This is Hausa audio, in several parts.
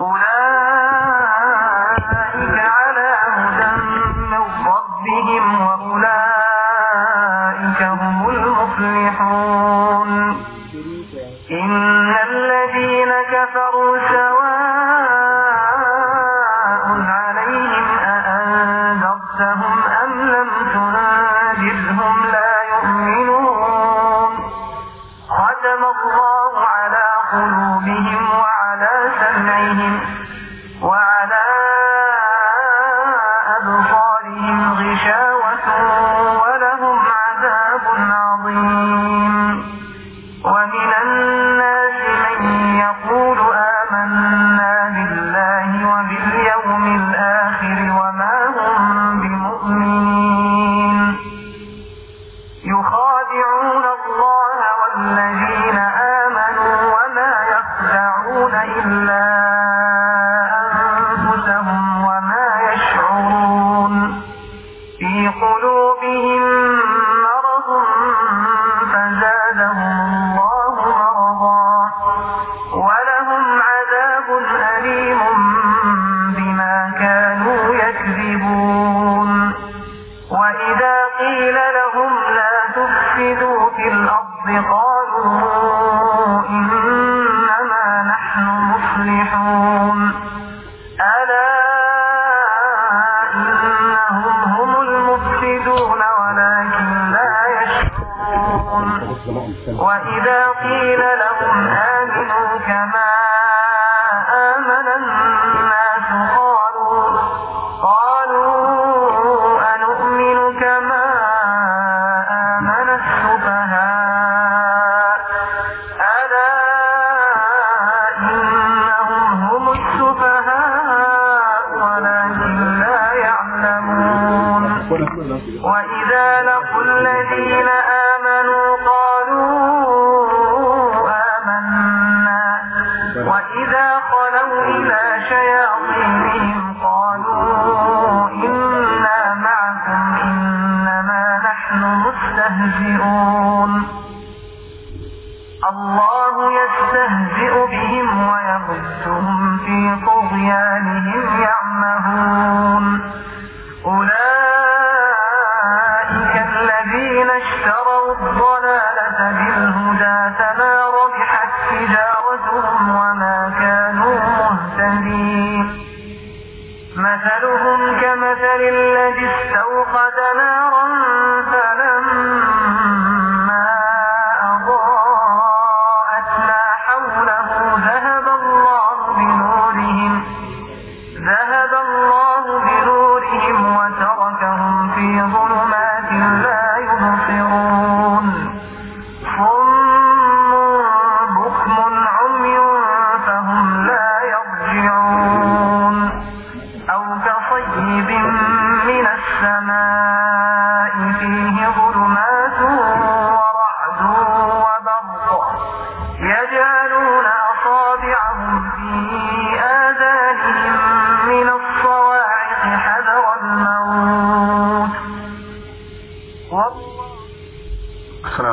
أولئك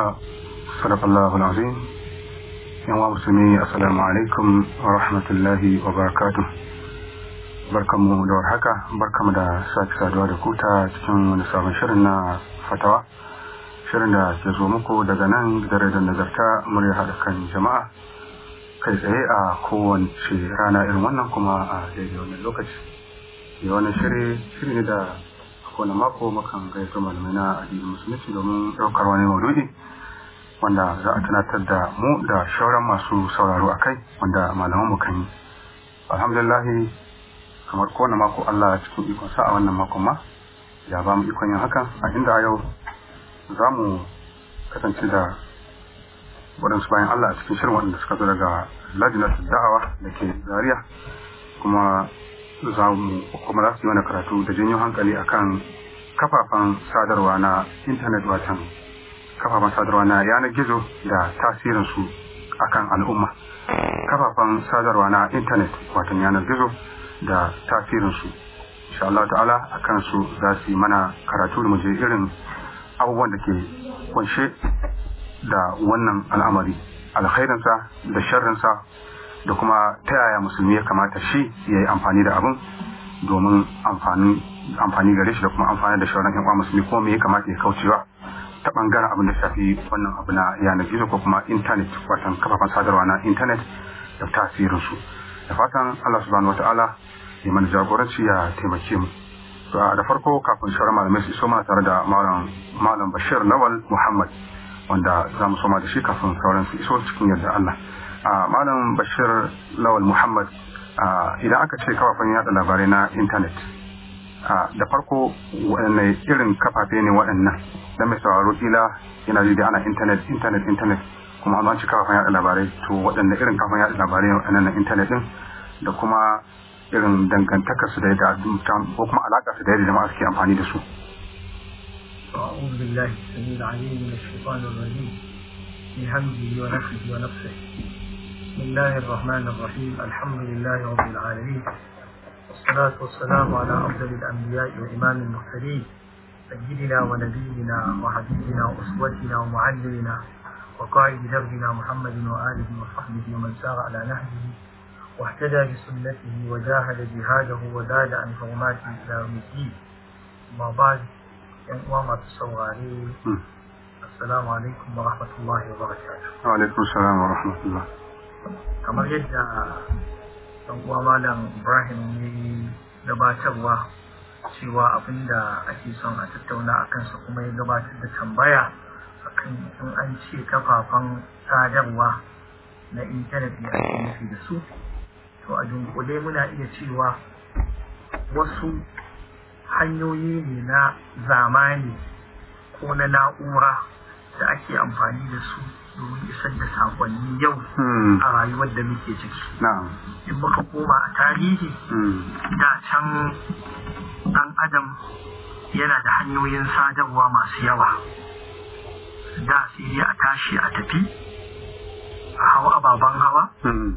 na'am sadaqallahu alazim yan wa musulmi assalamu alaikum wa rahmatullahi wa barakatuh barkamu da warhaka barkamu da sake saduwa da kuta cikin wani sabon shirin na fatawa shirin da ke zo muku daga nan da radon nazarta murya haɗa kan jama'a kai tsaye a kowace rana irin wannan kuma a daidai wannan lokaci da wani shiri shiri ne da kowane mako makan gaisa malamai na addinin musulunci domin ɗaukar wani maududi wanda za a tunatar da mu da shauran masu sauraro a kai wanda malamanmu kan yi alhamdulillah kamar kowane mako Allah cikin ikon a wannan makon ma ya ba mu ikon yin haka a inda yau za mu kasance da waɗansu bayan Allah a cikin shirin waɗanda suka zo daga lajinar da'awa da ke zariya kuma za mu kuma za su yi wani karatu da janyo hankali akan kafafen sadarwa na intanet watan kafafen sadarwa na yanar gizo da tasirinsu akan al'umma kafafen sadarwa na intanet watan yanar gizo da tasirinsu insha Allah ta'ala a kansu za su yi mana karatu da muje irin abubuwan da ke kunshe da wannan al'amari alkhairinsa da sharrinsa da kuma ta yaya musulmi ya kamata shi ya yi amfani da abin domin amfani gare shi da kuma amfani da shauran yan musulmi ko me ya kamata ya kaucewa ta bangaren abin da shafi wannan abu na yanar gizo ko kuma intanet watan kafafen sadarwa na intanet da su da fatan allah subhanahu wata'ala ya mana jagoranci ya taimake mu da farko kafin shawarar malamai su soma tare da malam bashir lawal muhammad wanda za mu soma da shi kafin sauran su iso cikin yadda allah malam bashir lawal muhammad idan aka ce kafafen yada labarai na intanet da farko waɗanne irin kafafe ne waɗannan da mai sauraro ila yana yi ana intanet intanet intanet kuma an ci kafafen yaɗa labarai to waɗanne irin kafafen yaɗa labarai waɗannan na intanet din da kuma irin dangantaka su da yadda ko kuma alaƙa su da yadda jama'a suke amfani da su. بسم الله الرحمن الرحيم الحمد لله رب العالمين والصلاة والسلام على أفضل الأنبياء وإمام المرسلين سيدنا ونبينا وحبيبنا وأسوتنا ومعلمنا وقائد دربنا محمد وآله وصحبه ومن سار على نهجه واهتدى بسنته وجاهد جهاده وزاد عن حرماته إلى يوم الدين أما بعد وما تصوري السلام عليكم ورحمة الله وبركاته وعليكم السلام ورحمة الله كما yadda dan uwa malam Ibrahim ne gabatarwa cewa abinda ake son a tattauna a kansa kuma ya gabatar da tambaya akan in an ce kafafen sadarwa na intanet ne ake nufi da su to a dunkule muna iya cewa wasu hanyoyi ne na zamani ko na na'ura da ake amfani da su domin isar da sakonni yau hmm. a rayuwar da muke ciki in muka koma a tarihi hmm. da can ɗan adam yana da hanyoyin sadarwa masu yawa da sai a tashi a tafi a hawa ababen hawa hmm.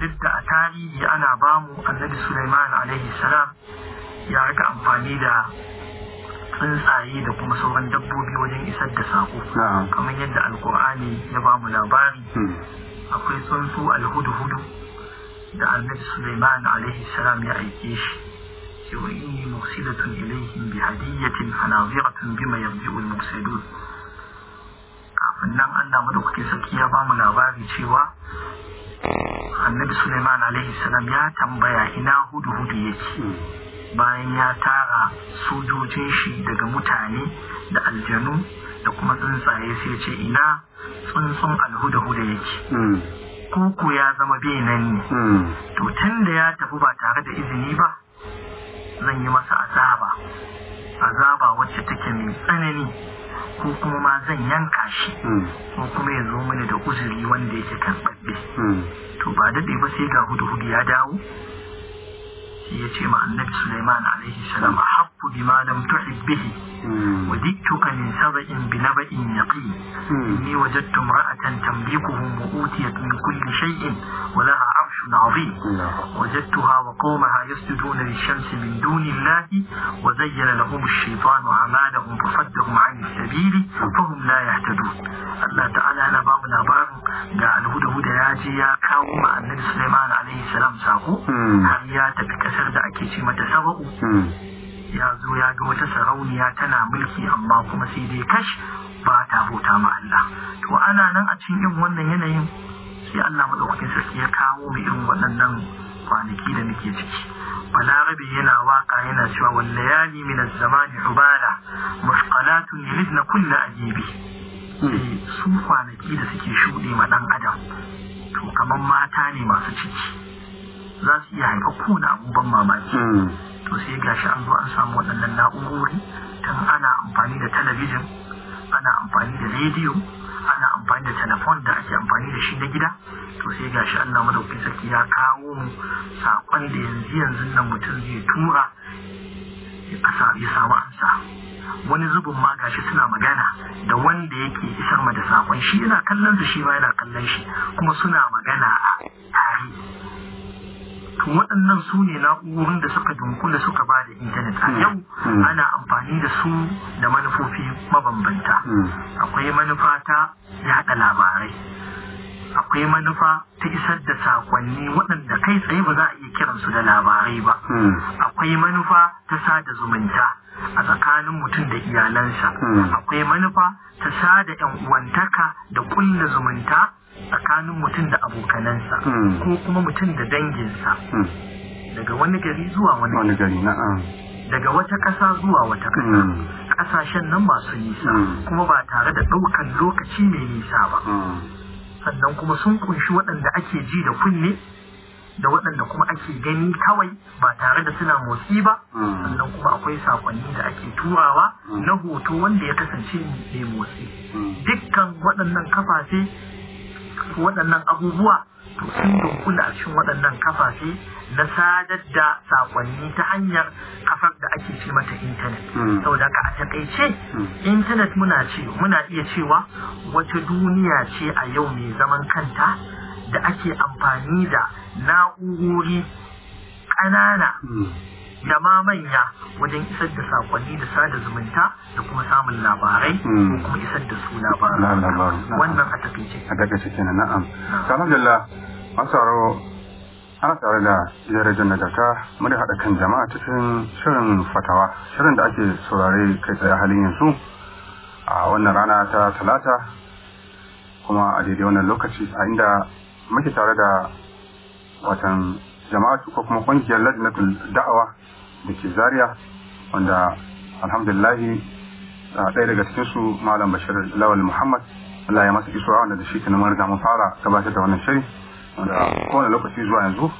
duk da a tarihi ana bamu annabi Sulaiman alaihi salam ya rika amfani da tsuntsaye da kuma sauran dabbobi wajen isar da sako kamar yadda alkur'ani ya ba mu labari akwai tsuntsu alhudu-hudu da annabi suleiman alaihi salam ya aike shi cewa inni mursilatun ilaihim bi hadiyatin hanaziratun bima yarji'ul mursalun kafin nan Allah madaukake sarki ya ba mu labari cewa annabi suleiman alaihi salam ya tambaya ina hudu-hudu yake bayan ya tara sojojin shi daga mutane da aljanu da kuma tsuntsaye sai ce ina tsuntsun alhuda-huda yake kuku hmm. ya zama benan ne hmm. to tun da ya tafi ba tare da izini ba zan yi masa azaba azaba wacce take mai tsanani ko kuma ma zan yanka shi hmm. ko kuma ya zo mini da uzuri wanda yake babbe to ba daɗe ba sai ga hudu-hudu ya dawo yace مع النبي سليمان عليه السلام أحب بما لم تحب به وددتك من سبأ بنبأ يقين إني وجدت امرأة تملكهم وأوتيت من كل شيء ولها عرش عظيم وجدتها وقومها يسجدون للشمس من دون الله وزين لهم الشيطان أعمالهم فصدهم عن السبيل فهم لا يهتدون الله تعالى أنا باب الأبار قال هدى يا جي يا كاوم النبي سليمان عليه السلام ساقو هيا تبكس ƙasar da ake ce mata saba'u hmm. ya zo ya ga wata sarauniya tana mulki amma kuma sai dai kash ba ta bauta ma Allah to ana nan a cikin irin wannan yanayin sai Allah madaukakin sarki ya kawo mu irin waɗannan kwanaki da muke ciki balarabe yana waka yana cewa wal layali min az-zamani ubala na yulidna a ajibi hmm. eh, su kwanaki da suke shuɗe ma ɗan adam to kamar mata ne masu ciki za su iya haifar na abubuwan mamaki hmm. to sai gashi an zo an samu waɗannan na'urori tun ana amfani da talabijin ana amfani da rediyo ana amfani da telefon da ake amfani da shi na gida to sai gashi Allah madaukakin sarki ya kawo mu saƙon da yanzu yanzu nan mutum zai tura ya samu ansa wani zubin ma gashi suna magana da wanda yake isar ma da saƙon. shi yana kallon su shi ma yana kallon shi kuma suna magana a tare to waɗannan su ne na'urorin da suka dunkula suka ba da intanet a hmm. yau hmm. ana amfani da su da manufofi mabambanta hmm. akwai manufa ta yaɗa labarai akwai manufa ta isar da sakonni waɗanda kai tsaye ba za a iya kiransu da labarai ba akwai manufa ta sada zumunta a tsakanin mutum da iyalansa akwai manufa ta sada yan uwantaka da kulla zumunta tsakanin mutum da abokanansa hmm. ko kuma mutum da danginsa hmm. daga wani gari zuwa wani gari daga wata ƙasa zuwa wata ƙasa hmm. ƙasashen nan masu nisa kuma ba tare da ɗaukan lokaci mai nisa ba sannan kuma sun kunshi waɗanda ake ji da kunne da waɗanda kuma ake gani kawai ba tare da suna motsi ba sannan kuma akwai sakonni da ake turawa na hoto wanda ya kasance mai motsi dukkan waɗannan kafafe Su waɗannan abubuwa to sun dunkula a cikin waɗannan kafafe na sadar da sakonni ta hanyar kafar da ake ce mata intanet hmm. saboda ka a taƙaice. Hmm. intanet muna muna iya cewa wata duniya ce a yau mai zaman kanta da ake amfani da na'urori ƙanana hmm. da ma manya wajen isar da sakonni da sada zumunta da kuma samun labarai ko hmm. kuma isar da su labarai wannan a takaice a takaice kenan na'am alhamdulillah an tsaro ana tare da darajar nagarta muna haɗa kan jama'a cikin shirin fatawa shirin da ake saurare kai tsaye halin yanzu a wannan rana ta talata kuma a daidai wannan lokaci a inda muke tare da watan jama'atu ko kuma kungiyar ladinatul da'awa da ke Zariya wanda alhamdulillahi ɗaya daga cikin su malam bashir lawal muhammad Allah ya masa isuwa wanda da shi kenan mun riga fara gabatar da wannan shiri wanda kowane lokaci zuwa yanzu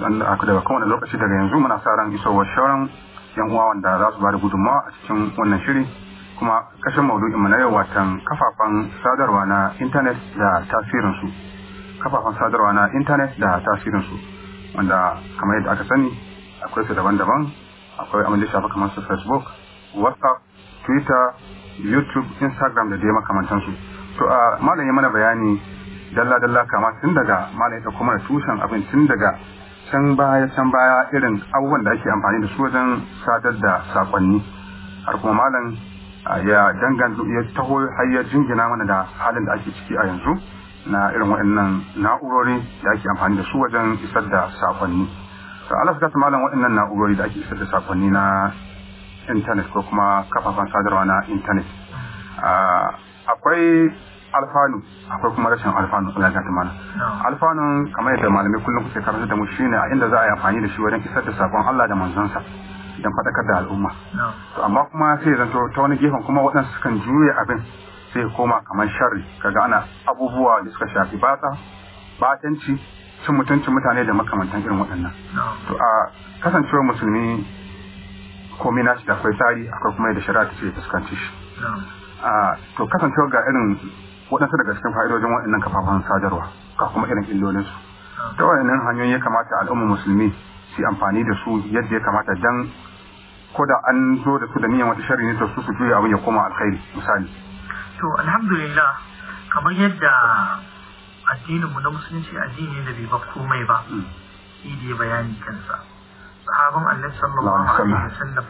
daga kowane lokaci daga yanzu muna sa ran isowar shauran yan uwa wanda za su bada gudunmawa a cikin wannan shiri kuma kashin maudu'in mu na yau watan kafafen sadarwa na intanet da tasirinsu kafafen sadarwa na intanet da tasirinsu wanda kamar yadda aka sani akwai su daban-daban akwai abin da shafa kamar su facebook whatsapp twitter youtube instagram da dai makamantansu to a malam mana bayani dalla-dalla kama tun daga malam ta kuma tushen abin tun daga can baya can baya irin abubuwan da ake amfani da su wajen sadar da sakonni har kuma malam ya dangantu ya taho har ya jingina mana da halin da ake ciki a yanzu na irin waɗannan na'urori da ake amfani da su wajen isar da sakonni to alas gata malam waɗannan na'urori da ake isar da sakonni na intanet ko kuma kafafan sadarwa na intanet akwai alfanu akwai kuma rashin alfanu Allah ya mana alfanun kamar yadda malamai kullum suke karanta da mu shine a inda za a yi amfani da shi wajen isar da sakon Allah da manzansa. don faɗakar da al'umma to amma kuma sai zanto ta wani gefen kuma waɗansu sukan juya abin sai koma kamar sharri kaga ana abubuwa da suka shafi bata batanci cin mutuncin mutane da makamantan irin waɗannan to a kasancewar musulmi komai nashi da akwai tsari akwai kuma da shari'a ta ce fuskanci shi a to kasancewar ga irin waɗansu daga cikin fa'idojin waɗannan kafafen sadarwa ga kuma irin illolinsu ta waɗannan hanyoyi ya kamata al'ummar musulmi su amfani da su yadda ya kamata dan ko da an zo da su da niyan wata shari'a ne to su su juya abin ya koma alkhairi misali to alhamdulillah kamar yadda addininmu na musulunci addini da bai ba komai ba hmm. shi da bayani kansa sahabban annabi sallallahu alaihi wasallam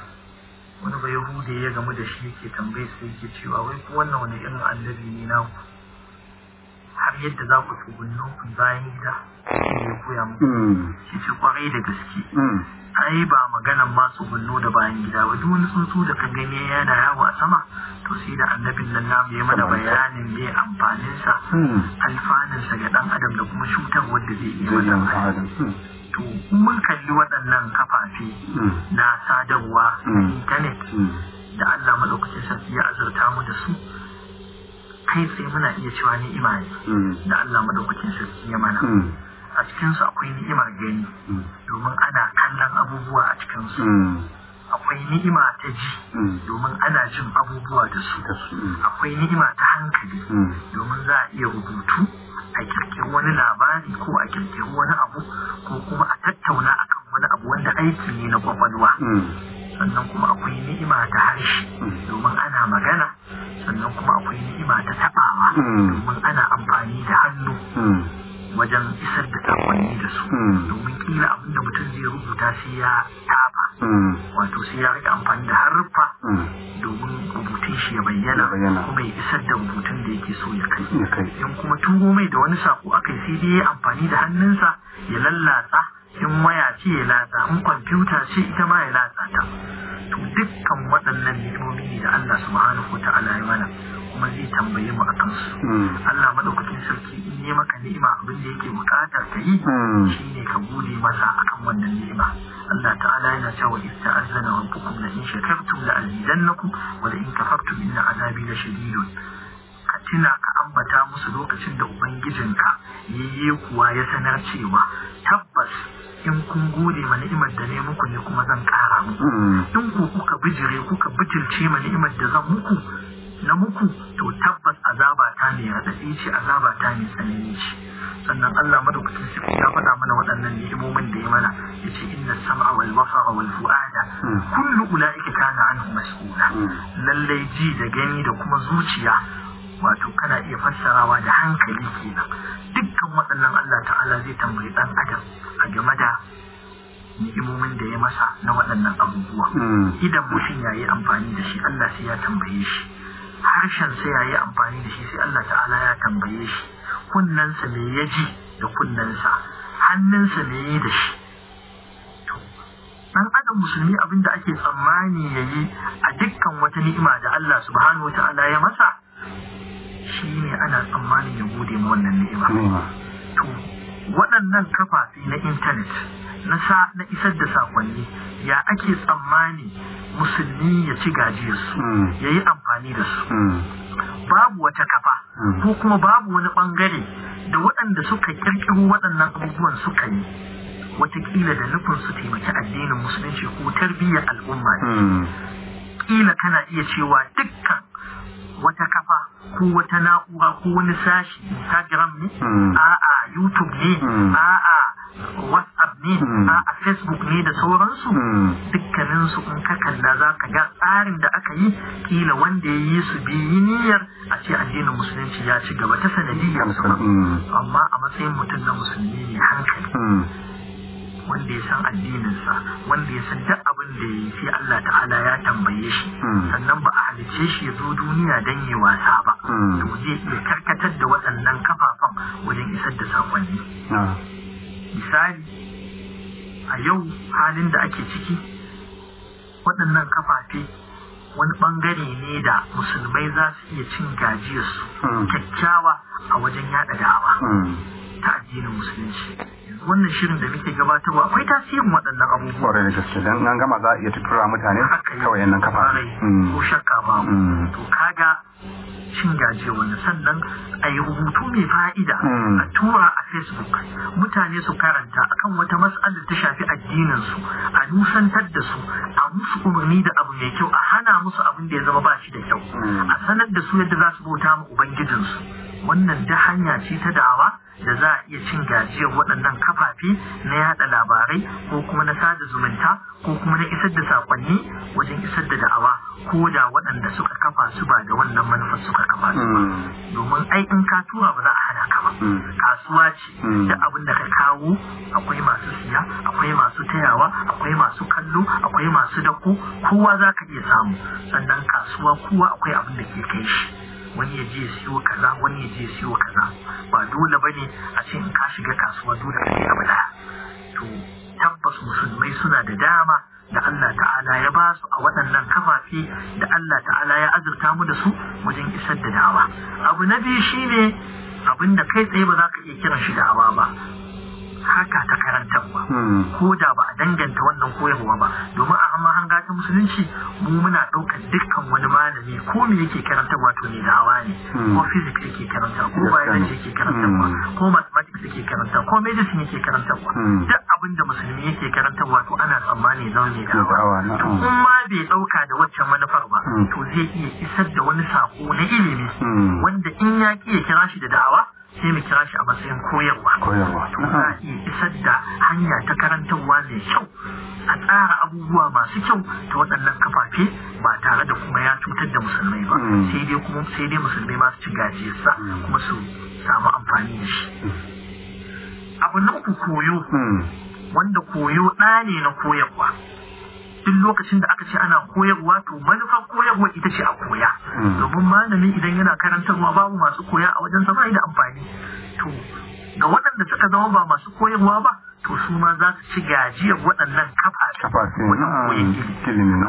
wani bai hude ya gamu da shi yake tambaye sai yake cewa wai wannan wani irin annabi ne naku har yadda za ku tsugunno ku bayan gida ya koya muku hmm. shi ce kwarai da gaske hmm. ai ba maganan ma tsugunno da bayan gida ba duk wani tsuntsu da ka gani yana yawo a sama to sai da annabin nan namu ya mana bayanin me amfaninsa hmm. alfanunsa ga dan adam da kuma cutar wanda zai iya mana to mun kalli waɗannan kafafe na sadarwa intanet da Allah madaukakin sarki ya azurta mu da su kai sai muna iya cewa ni'ima ne mm. da Allah madaukakin sarki ya mana mm. a cikinsu akwai ni'imar gani mm. domin ana kallon abubuwa a cikinsu akwai ni'ima ta ji domin ana jin abubuwa da su akwai ni'ima ta hankali domin za a iya rubutu a kirkin wani labari ko a kirkin wani abu ko kuma a tattauna akan wani abu wanda aiki ne na kwakwalwa sannan kuma akwai ni'ima ta harshe domin ana magana sannan kuma akwai ni'ima ta taɓawa. Hmm. domin ana amfani da hannu hmm. wajen isar da takwanni da su hmm. domin kila abinda mutum zai rubuta sai ya tafa wato sai ya rika amfani da haruffa domin rubutun shi ya bayyana kuma ya isar da rubutun da yake so ya kai in kuma turo mai da wani sako akai sai dai ya amfani da hannunsa ya lallatsa in waya ce ya latsa in kwamfuta ce ita Hmm. Allah madaukakin sarki in yi maka ni'ima abin da yake bukatar ka yi hmm. shine ka gode masa akan wannan ni'ima Allah ta'ala yana cewa ista'azana rabbukum la in shakartum la azidannakum wa la in kafartum inna azabi la shadidun ka tuna ka ambata musu lokacin da ubangijinka yayi kuwa ya sanar cewa tabbas in kun gode ma ni'imar da ne muku ne kuma zan kara muku hmm. in ku kuka bijire kuka bijirce ma ni'imar da zan muku na muku to tabbas azaba ta ne raɗaɗi ce azaba ta ne tsanani ce sannan Allah madaukakin sarki ya faɗa mana waɗannan ni'imomin da ya mana ya ce inna sam'a wal basara wal fu'ada hmm. kullu ula'ika kana anhu mas'ula hmm. lallai ji da gani da kuma zuciya wato kana iya fassarawa da hankali kenan dukkan waɗannan Allah ta'ala zai tambayi ɗan adam a game da ni'imomin da ya masa na waɗannan abubuwa hmm. idan mutum ya yi amfani da shi Allah sai ya tambaye shi harshen sai ya yi amfani da shi sai Allah ta'ala ya tambaye shi kunnensa me ya ji da kunnensa hannunsa me yi da shi dan adam musulmi abin da ake tsammani ya yi a dukkan wata ni'ima da Allah subhanahu ta'ala ya masa shi ne ana tsammanin ya gode ma wannan ni'ima waɗannan kafafi na intanet na isar da sakonni ya ake tsammani musulmi ya ci gajiyarsu hmm. ya yi amfani da su hmm. babu wata kafa hmm. ko kuma babu wani ɓangare da waɗanda suka ƙirƙiro waɗannan abubuwan suka yi watakila da nufin su taimaki addinin musulunci ko tarbiyyar al'umma ne kila kana iya cewa dukkan wata kafa ko wata na'ura ko wani sashi instagram ne hmm. a'a youtube ne hmm. a'a whatsapp ne hmm. a'a facebook ne da sauransu dukkaninsu in ka kalla za ka ga tsarin da aka yi kila wanda ya yi su biyi niyyar a ce addinin musulunci ya ci gaba ta sanadiyyar amma a matsayin mutum na musulmi ne hankali wanda ya san addininsa wanda ya san duk abin da ya sai Allah ta'ala ya tambaye shi hmm. sannan ba a halicce shi ya zo duniya don yi wasa ba hmm. to zai iya karkatar da waɗannan kafafan wajen isar da sakonni ah. misali a yau halin da ake ciki waɗannan kafafe wani bangare ne da musulmai za su iya cin gajiyarsu hmm. kyakkyawa a wajen yada dawa ta addinin musulunci wannan shirin da muke gabatarwa akwai tasirin waɗannan abubuwa da gaske dan an gama za a iya tura mutane kawai yannan kafa mm. ko shakka ba mm. to kaga cin gaje wannan sannan a yi rubutu mai fa'ida mm. a tura a facebook mutane su karanta akan wata matsalar ta shafi addinin su a nusantar da su a musu umarni da abu mai kyau a hana musu abin da ya zama ba shi da kyau a sanar da su yadda za su bauta ma ubangijinsu wannan ta hanya ce ta da'awa da za a iya cin gajiyar waɗannan kafafi na yada labarai ko kuma na sada zumunta ko kuma na isar da sakonni wajen isar da da'awa ko da waɗanda suka kafa su ba da wannan manufar suka kafa su ba hmm. domin ai in ka tura ba za a hana ka ba hmm. kasuwa ce hmm. duk abin da ka kawo akwai masu siya akwai masu tayawa akwai masu kallo akwai masu dako kowa za ka iya samu sannan kasuwa kowa akwai abin da ke kai shi wani ya je siyo kaza wani ya je siyo kaza ba dole bane a ce in ka shiga kasuwa dole ka shiga bala to tabbas musulmai suna da dama da Allah ta'ala ya ba su a waɗannan kafafi da Allah ta'ala ya azurta mu da su wajen isar da dawa abu na biyu shine abinda kai tsaye ba za ka iya kiran shi da'awa ba haka ta karantarwa hmm. ko da ba a danganta wannan koyarwa ba domin a mahanga ta musulunci mu muna ɗaukar dukkan wani malami ko me yake karantarwa to ne hawa hmm. ne ko physics yake karanta ko biology yake karantarwa hmm. ko mathematics yake karanta ko medicine yake karantarwa duk abin da musulmi yake karantarwa to ana tsammani zama da hawa to ma bai ɗauka da waccan manufar ba to zai iya isar da wani sako na ilimi wanda in ya ƙi ya kira shi da da'awa sai mu kira shi a matsayin koyarwa koyarwa to za isar da hanya ta karantarwa mai kyau a tsara abubuwa masu kyau ta waɗannan kafafe ba tare da kuma ya cutar da musulmai ba mm. sai dai kuma sai dai musulmai masu ci gajiyarsa mm. kuma su samu amfani da shi mm. abu na uku koyo wanda koyo ɗa ne na koyarwa cikin lokacin da aka ce ana koyarwa to manufan koyarwa ita ce a koya hmm. domin malami idan yana karantarwa babu masu koya a wajen zama da amfani to ga waɗanda suka zama ba masu koyarwa ba to su ma za su ci gajiyar waɗannan kafa ah,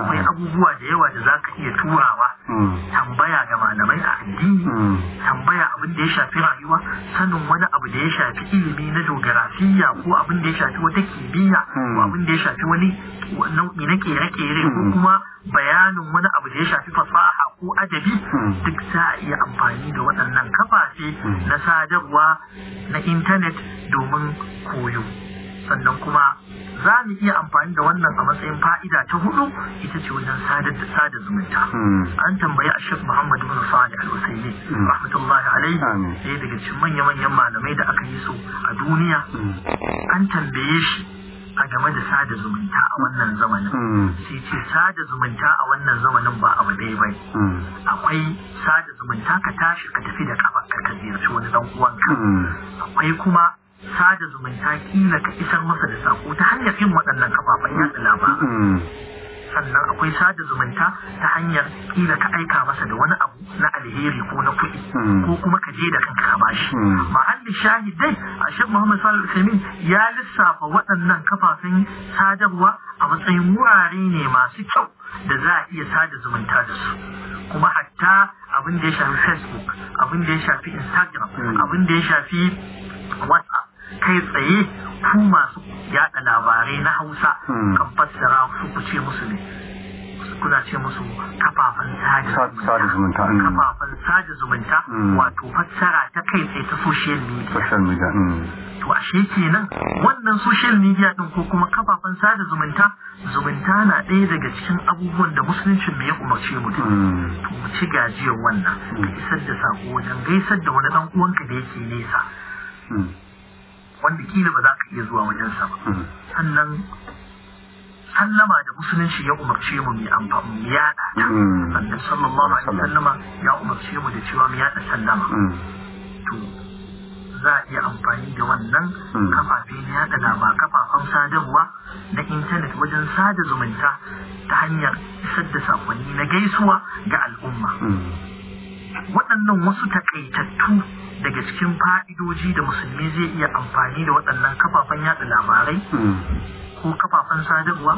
akwai ah. abubuwa da yawa da za ka iya turawa hmm. tambaya ga malamai a addini hmm. tambaya abin da ya shafi rayuwa sanin wani abu da ya shafi mm. ilimi na geografiya ko abin da ya shafi wata kimiyya ko mm. abin da ya shafi wani nau'i na kere-kere ko mm. kuma bayanin wani abu da ya shafi fasaha ko adabi duk za a iya amfani da waɗannan kafafe na sadarwa na intanet domin koyo sannan kuma za mu iya amfani da wannan a matsayin fa'ida ta hudu ita ce wajen sadar da sada zumunta hmm. an tambayi a shek muhammad bin salih al-usaimi hmm. rahmatullahi alaihi ɗaya daga cikin manya-manyan malamai da aka yi so a duniya hmm. an tambaye shi a game da sada zumunta a wannan zamanin sai ce sada zumunta a wannan zamanin ba abu ɗaya ba akwai sada zumunta ka tashi ka tafi da kafa ka ziyarci wani dan uwanka akwai kuma sada zumunta kila ka isar masa da sako ta hanyar yin waɗannan kafafen yaɗa labaran hmm. sannan akwai sada zumunta ta hanyar kila ka aika masa da wani abu na alheri ko na kuɗi hmm. ko kuma ka je da kanka ka bashi hmm. mahalli shahidai a shek muhammad salih samin ya lissafa waɗannan kafafen sadarwa a matsayin wurare ne masu kyau da za a iya sada zumunta da su kuma hatta abin da ya shafi facebook abin da ya shafi instagram abin da ya shafi whatsapp kai tsaye ku masu yada labarai na hausa hmm. kan fassara su ku ce musu ne kuna ce musu kafafen sada zumunta hmm. kafafen sada zumunta hmm. wato fassara ta kai tsaye ta social media to ashe kenan wannan social media din ko kuma kafafen sada zumunta zumunta na ɗaya daga cikin abubuwan da musulunci mai ya umarce mu da to mu ci gajiyar wannan ka isar da sako wajen gaisar da wani dan uwanka da yake nesa wanda kila ba za ka iya zuwa wajensa ba hmm. sannan sallama da musulunci ya umarce mu mu yada hmm. annabi sallallahu alaihi wasallama ya umarce mu da cewa mu yada sallama hmm. to za a iya amfani da wannan kafafe na yada kafafen sadarwa na intanet wajen sada zumunta ta hanyar isar da sakonni na gaisuwa ga al'umma waɗannan wasu takaitattu daga cikin fa'idoji da musulmi zai iya amfani da waɗannan kafafen yatsa labarai hmm. ko kafafen sadarwa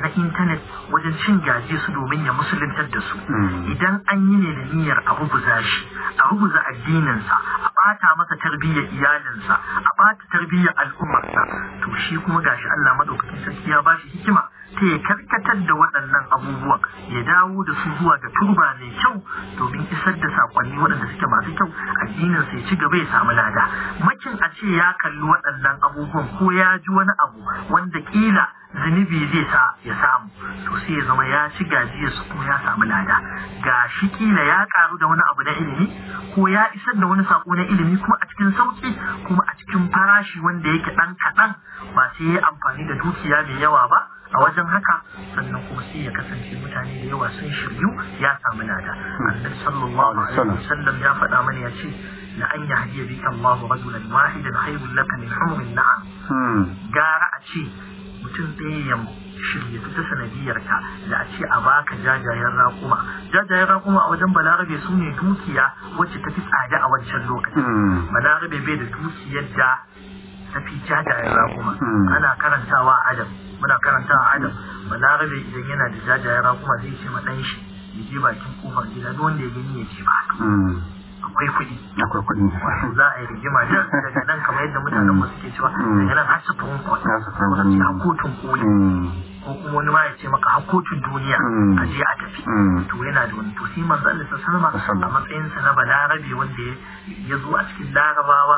na intanet wajen cin gaje su domin ya musuluntar da su hmm. idan an yi ne da niyyar a rubuza shi a rubuza addininsa a bata masa tarbiyyar iyalinsa a ɓata tarbiyyar al'ummarsa to shi kuma gashi Allah maɗaukacin sarki ya ba shi hikima ke karkatar da waɗannan abubuwan ya dawo da su zuwa ga turba mai kyau domin isar da sakonni waɗanda suke masu kyau addinin sai ci gaba ya samu lada makin a ce ya kalli waɗannan abubuwan ko ya ji wani abu wanda ƙila zunubi zai sa ya samu to sai ya zama ya ci gaji su ko ya samu lada ga shi kila ya ƙaru da wani abu na ilimi ko ya isar da wani sako na ilimi kuma a cikin sauki kuma a cikin farashi wanda yake ɗan kaɗan ba sai ya amfani da dukiya mai yawa ba a wajen haka sannan kuma sai ya kasance mutane da yawa sun shiryu ya samu nada hmm. annabi sallallahu alaihi wasallam ya faɗa mana ya ce la an yahdiya bika Allahu rajulan wahidan khairun laka min humurin na'am hmm. gara a ce mutum ɗaya ya shirya ta sanadiyyarta da a ce a baka jajayen raƙuma jajayen raƙuma a wajen balarabe su ne dukiya wacce ta fi tsada a wancan lokacin hmm. balarabe bai da dukiyar da tafi jajayen kuma. Hmm. ana karantawa adam muna karantawa adam balarabe idan yana da jajayen kuma zai ce ma ɗan shi ya je bakin kofar gida duk wanda ya gani ya ce ba hmm. akwai kuɗi akwai kuɗi wato za a yi rigima nan daga nan kamar yadda mutanen mu hmm. suke cewa daga nan har su tuhun kwata wasu hakotun koli ko kuma wani ma ya ce maka hakotun duniya a je a tafi to yana da wani to sai manzo Allah sallallahu alaihi wasallam a matsayin sa na balarabe wanda ya zo a cikin larabawa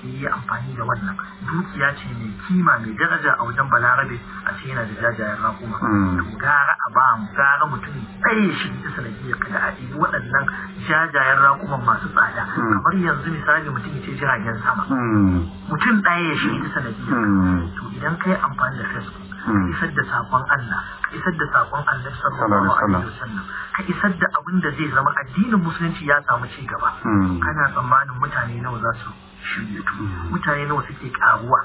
shi yi amfani da wannan dukiya ce mai kima mai daraja a wajen balarabe a ce yana da jajayen rakuma mm. to gara a ba mu gara mutum tsaye shi ta sanadiyar ka da haɗi waɗannan jajayen rakuman masu tsada mm. kamar yanzu misali mutum ya ce jiragen sama mm. mutum ɗaya shi da sanadiyar to idan ka yi amfani da facebook isar da sakon Allah ka isar da sakon Allah sallallahu alaihi wasallam ka isar da abin da zai zama addinin musulunci ya samu ci gaba kana tsammanin mutane nawa za su shi mutane nawa suke karuwa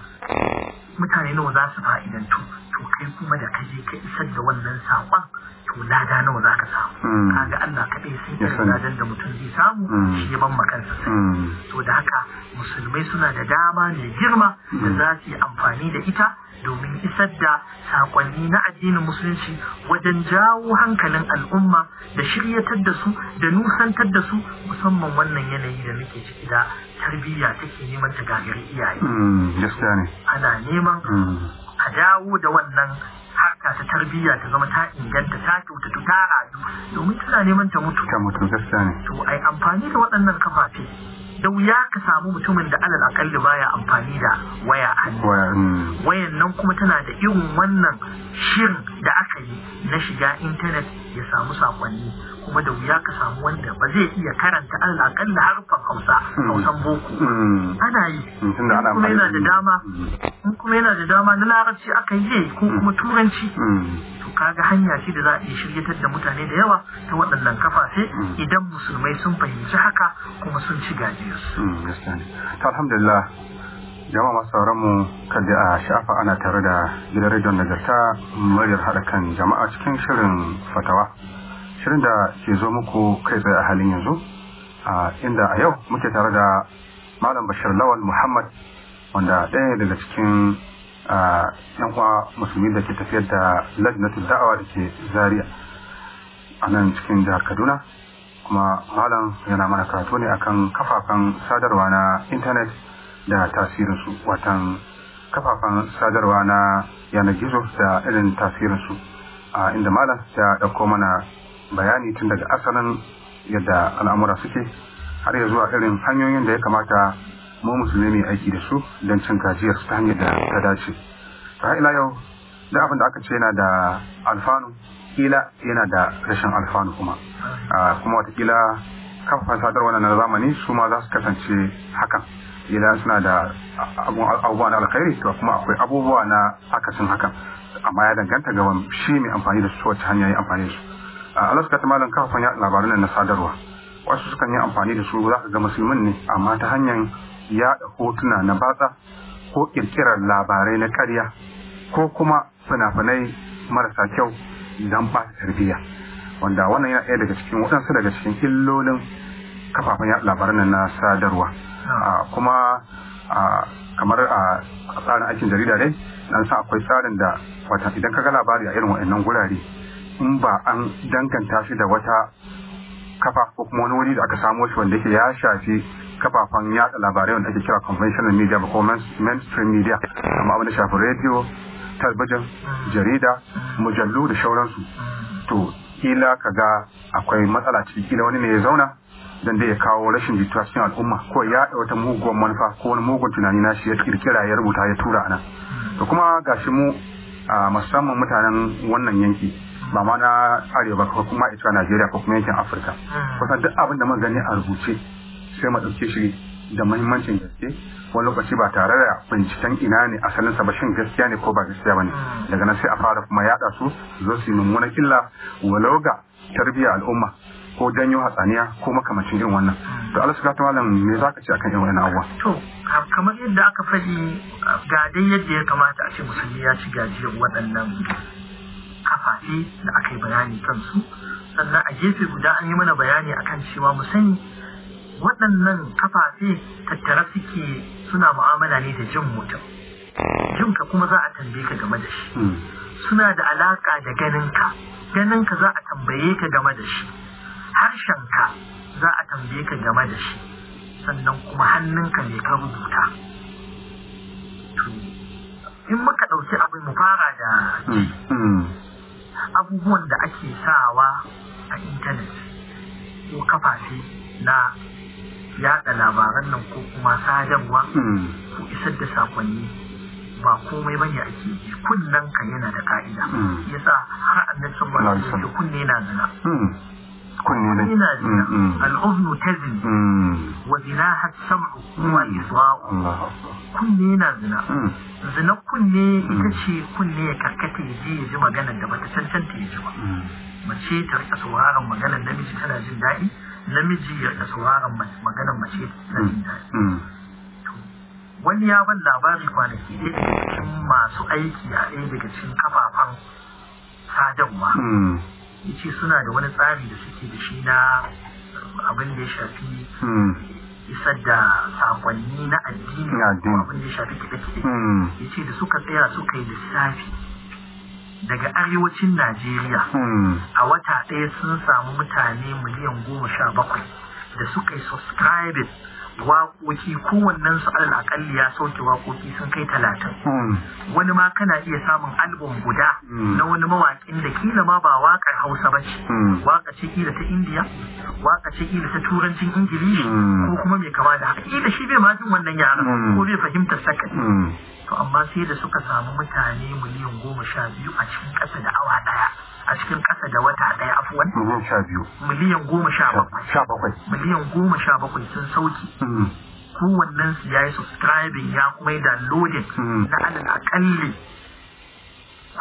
mutane nawa za su fa'idantu to kai kuma da kaje ka isar da wannan saƙon to lada nawa za ka samu hmm. kaga Allah kaɗai sai irin ladan da mutum zai samu hmm. shi ya ban makansa hmm. to da haka musulmai suna da dama mai girma da za su yi amfani da ita domin isar da sakonni na addinin musulunci wajen jawo hankalin al'umma da shiryatar da su da nusantar da su musamman wannan yanayi da muke ciki da tarbiyya take neman ta gagar iyaye. Mm, Ana neman mm. a dawo da wannan harka ta tarbiyya ta zama ta inganta ta kyautatu ta rayu domin tana neman ta mutu. Ta mutu gaskiya ne. To ai amfani da waɗannan kafafe da wuya ka samu mutumin da alal akalli baya amfani da waya hannu hmm. wayan nan kuma tana da irin wannan shirin da aka yi na shiga intanet ya samu sakonni kuma da wuya ka samu wanda ba zai iya karanta Allah kalla harfan Hausa mm. Hausan boko mm. ana yi mm, kuma yana da dama kuma yana da dama na larabci aka yi ko kuma turanci to kaga hanya ce da za a iya shiryatar da mutane da yawa ta waɗannan kafafe idan musulmai sun fahimci haka kuma sun ci gajiyarsu. alhamdulillah jama'a masu mu kan a shafa ana tare da gidan rediyon nagarta muryar haɗa kan jama'a cikin shirin fatawa shirin da ke zo muku kai tsaye a halin yanzu inda a yau muke tare da malam bashir lawal muhammad wanda ɗaya ne daga cikin yan uwa musulmi da ke tafiyar da lajnatul da'awa da ke Zariya. a nan cikin jihar kaduna kuma malam yana mana karatu ne akan kafafen sadarwa na intanet da tasirinsu watan kafafen sadarwa na yanar gizo da irin tasirinsu inda malam ya ɗauko mana bayani tun daga asalin yadda al'amura suke har ya zuwa irin hanyoyin da ya kamata mu musulmi aiki da su don cin gajiyar su ta hanyar da ta dace ta ila yau da abin da aka ce yana da alfanu kila yana da rashin alfanu kuma ah, kuma watakila kafafen sadarwa na zamani su ma za su kasance hakan ila suna da abubuwa na alkhairi to kuma akwai abubuwa na akasin hakan amma ya danganta ga shi mai amfani da su wacce hanya ya amfani da su alaska ta malam yaɗa labarin nan na sadarwa wasu sukan yi amfani da su za ka ga musulmin ne amma ta hanyar yaɗa hotuna na batsa ko ƙirƙirar labarai na ƙarya ko kuma fina-finai marasa kyau don ba tarbiyya wanda wannan yana ɗaya daga cikin waɗansu daga cikin illolin kafafen yaɗa nan na sadarwa kuma kamar a tsarin aikin jarida dai nan sa akwai tsarin da wata idan ka ga labari a irin waɗannan gurare in ba an danganta shi da wata kafa ko kuma wani wuri da aka samo shi wanda yake ya shafi kafafen yada labarai wanda ake kira conventional media ba ko mainstream media amma abin da shafi radio talbijin jarida mujallu da shauransu to kila kaga akwai matsala ciki kila wani ne ya zauna dan da ya kawo rashin jituwa cikin al'umma ko ya da wata muguwar manufa ko wani mugun tunani na shi ya kirkira ya rubuta ya tura ana to kuma gashi mu a musamman mutanen wannan yanki ba ma na arewa ba kuma ita Najeriya ko kuma yankin Afirka ah. kusan duk abin da gani a rubuce sai mu ɗauke shi da muhimmancin gaske wani lokaci ba tare da binciken ina ne asalin sa ba shin gaskiya ne ko ba gaskiya bane ah. daga nan sai a fara kuma yada su zo su mummuna killa walau ga tarbiyyar al'umma ko janyo hatsaniya ko makamancin irin wannan ah. to Allah subhanahu wa ta'ala me zaka ce akan irin wannan abuwa to kamar yadda aka faɗi ga dai yadda ya kamata a ce musulmi ya ci gajiyar waɗannan kafafe da aka yi bayani su sannan a gefe guda an yi mana bayani akan cewa mu sani waɗannan kafafe tattara suke suna mu'amala ne da jin mutum jin ka kuma za a tambaye ka game da shi hmm. suna da alaƙa da ganin ka ganin ka za a tambaye ka game da shi harshen ka za a tambaye ka game da shi sannan kuma hannunka ne ka rubuta in muka ɗauki abin mu fara da hmm. Hmm. abubuwan da ake sawa a intanet ko kafafe na yada labaran nan ko kuma sadarwa hmm. ko isar da sakonni ba komai bane ake yi kunnen ka yana da ka'ida hmm. yasa har annabi ba alaihi wasallam kunne na zina hmm. kunne الأذن تزن zina السمع udhnu tazin wa zinaha as-sam'u wa isra'u kunne na zina zina kunne ita ce kunne ya karkata ya ya da mace ta rika sauraron maganar namiji tana jin daɗi namiji ya rika sauraron maganar mace tana jin daɗi mm, mm. wani ya ban labarin kwanaki ne daga cikin masu aiki a ɗaya daga cikin kafafen sadarwa mm. yace suna da wani tsari da suke da shi na abin da ya shafi isar da sakonni na addini abin da ya shafi kiɗe-kiɗe yace da suka tsaya suka yi lissafi daga arewacin najeriya hmm. a wata ɗaya sun samu mutane miliyan goma sha bakwai da suka yi subscribe waƙoƙi kowannen su al'a aƙalli ya sauke waƙoƙi sun kai talatin hmm. wani ma kana iya samun album guda hmm. na wani mawaƙin da kila ma ba waƙar hausa ba ce waƙa ce kila ta indiya waƙa ce kila ta turancin ingilishi ko kuma mai kama da haka kila shi bai ma wannan yaran ko bai fahimtar sakaɗi. to amma sai da suka samu mutane miliyan goma sha biyu a cikin ƙasa da awa ɗaya a cikin ƙasa da wata ɗaya afuwan miliyan sha biyu miliyan goma sha bakwai Sha bakwai. miliyan goma sha bakwai sun sauki hmm. kowannen su ya yi subscribing ya kuma yi downloading hmm. na alal akalli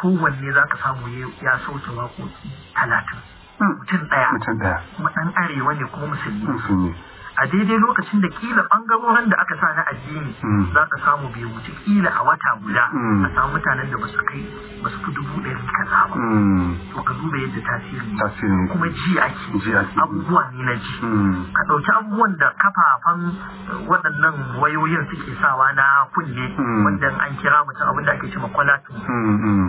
kowanne za ka samu ya sauke waƙoƙi talatin hmm. mutum ɗaya kuma ɗan arewa ne kuma musulmi a daidai lokacin da kila bangarorin da aka sa na addini hmm. za ka samu bai wuce kila a wata guda hmm. a samu mutanen da basu kai basu fi dubu ɗari kaza ba hmm. to ka duba yadda tasiri kuma ji ake abubuwa ne na ji ka ɗauki abubuwan da kafafan eh, waɗannan wayoyin suke sawa na kunne wanda an kira mutum abin da ake ce makwalatu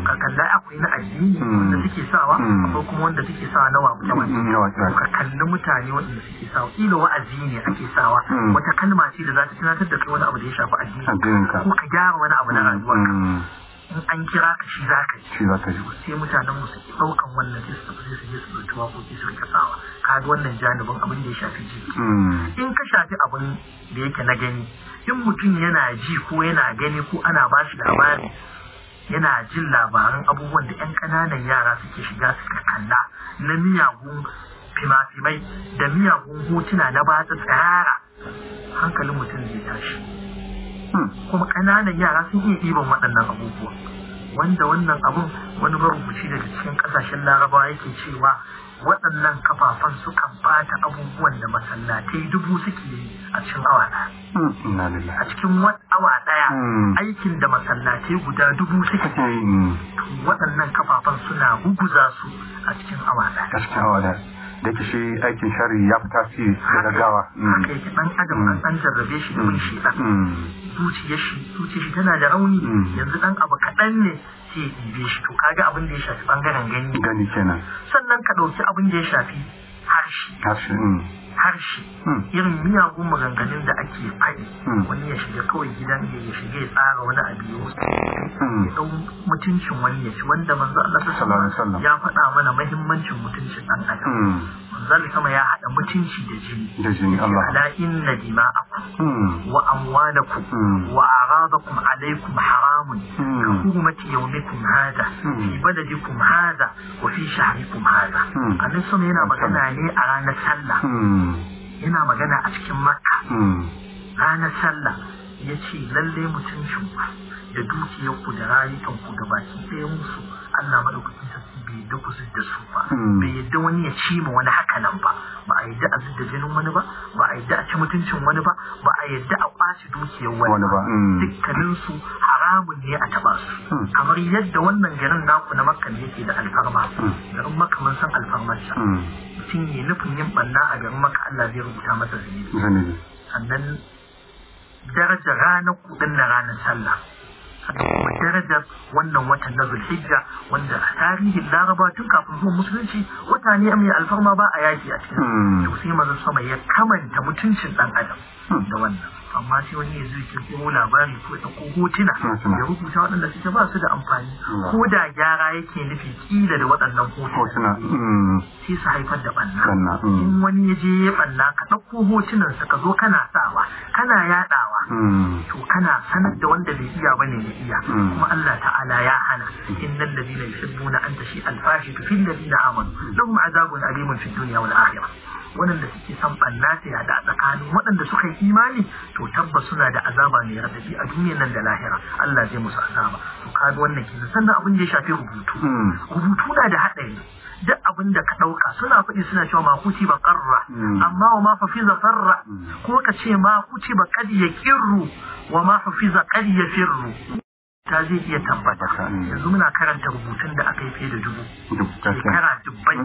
ka kalla akwai na addini wanda suke sawa akwai kuma wanda suke sawa na wa ka kalli mutane waɗanda suke sawa ilo wa'azi ne ne ake sawa hmm. wata kalma ce da za ta tunatar da kai wani abu da ya shafi addini ko ka gyara wani abu na hmm. rayuwa. in an kira ka shi za ka shi za ka ji sai mutanen mu suke ɗaukan wannan sai su tafi su je su ɗauki waƙoƙi su rika sawa ka ga wannan janibin abin da ya shafi ji hmm. in ka shafi abin da yake na gani in mutum yana ji ko yana gani ko ana ba shi labari yana jin labaran abubuwan da 'yan kananan yara suke shiga suka kalla na miyagun fimafimai da miyagun hotuna na batsa tsara hankalin mutum zai tashi hmm. kuma ƙananan yara sun iya ɗiban waɗannan abubuwa wanda wannan abun wani marubuci daga cikin ƙasashen larabawa yake cewa waɗannan kafafan kan bata abubuwan da masallatai dubu suke yi a cikin awa ɗaya. Hmm. A cikin awa ɗaya hmm. aikin da masallatai guda dubu suke yi waɗannan kafafan suna guguza su a cikin awa ɗaya. da ke shi aikin shari ya fi tasiri da gaggawa haka yake adam an jarrabe shi da shi dan mm. shi zuciyar shi tana da rauni mm. yanzu dan abu kaɗan ne sai ya bibe shi to kaga abin da ya shafi bangaren gani gani kenan sannan ka ɗauki abin da ya shafi harshe harshe mm. harshe hmm. irin miyagun maganganun da ake faɗi hmm. wani ya shiga kawai gidan ya ya shiga ya tsara wani abu ya dau hmm. mutuncin wani ya ci wanda manzo Allah sallallahu alaihi wasallam ya faɗa mana muhimmancin mutuncin dan adam manzon sama ya haɗa mutunci da jini da jini Allah la inna dima'akum hmm. wa amwalakum hmm. wa a'radakum alaykum haramun hmm. ka hurmati yawmikum hada fi baladikum hada wa fi shahrikum hada annabi sama yana magana ne a ranar sallah yana magana a cikin makka ranar sallah ya ce lalle mutuncinku da dukiyarku da rayukanku da baki ɗayan musu. Allah madaukakin sarki bai yadda su ba hmm. bai yadda wani ya ci ma wani hakanan nan ba ba a yadda a jinin wani ba ba a yadda a ci mutuncin wani ba ba a yadda a kwashe dukiyar wani ba hmm. dukkanin haramun ne a taba su hmm. kamar yadda wannan garin naku na makka yake da alfarma garin makka mun san alfarmarsa mutum ya nufin yin banna a garin makka Allah zai rubuta masa zunubi sannan daraja ranar kudin na ranar sallah darajar wannan watan na zulhijja wanda tarihin laraba tun kafin zuwa musulunci wata ne mai alfarma ba a yaki a cikin hmm. to sai manzon sama ya kamanta mutuncin dan adam da wannan amma shi wani ya zuke ko labari ko ya ko hotuna ya rubuta waɗanda suke ba su da amfani ko da gyara yake nufi kila da waɗannan hotuna mm. sai su haifar da ɓanna mm. in wani ya je ya ɓanna ka ɗauko hotunan sa ka zo kana sawa kana yaɗawa mm. to kana sanar da wanda bai iya bane ya iya kuma Allah ta'ala ya hana innal ladina yuhibbuna an tashi al-fahishatu fil ladina amanu lahum azabun alimun fid dunya wal akhirah waɗanda suke son ɓanna ta yada tsakanin waɗanda suka yi imani to tabbas suna da azaba mai radadi a duniyar nan da lahira Allah zai musu azaba to kaga wannan kenan sannan abin da ya shafi rubutu hmm. rubutu na da haɗari duk abin da ka ɗauka suna faɗi suna cewa makuci ba karra hmm. amma wa ma fa fi zafarra hmm. ko ka ce makuci ba kad ya kirru wa ma fa fi zakar ya firru ta zai iya tabbata yanzu muna karanta rubutun da aka yi fiye da dubu shekara dubbai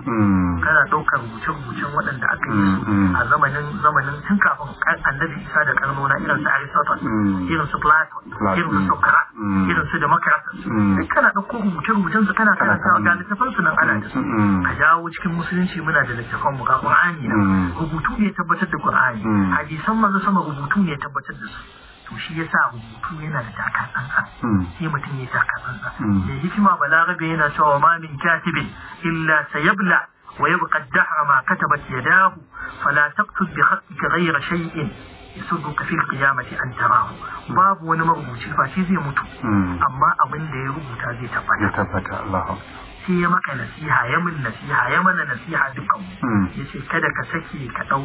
kana ɗaukar rubuce-rubucen waɗanda aka yi a zamanin zamanin tun kafin annabi isa da na irin su aristotle mm. irin su plato irin su sokara mm. irin su Demokrasi. Mm. duk kana ɗauko rubuce-rubucen su kana karanta ga littafin su nan ana da su a jawo cikin musulunci muna da littafan mu ga qur'ani rubutu ne tabbatar da qur'ani hadisan manzo sama rubutu ne tabbatar da su to shi ya sa rubutu yana da takatsantsa sai mutum ya takatsantsa da hikima balarabe yana cewa ma min katibin illa sayabla wa yabqa ad-dahr ma katabat yadahu fala taktub bi khatika ghayra shay'in يسرك في القيامة أن تراه باب ونمره شفاتي زي متو أما أبن دي ربوتا زي تبتا يتبتا الله sai ya maka nasiha ya min nasiha ya mana nasiha dukan ya ce kada ka sake ka ɗau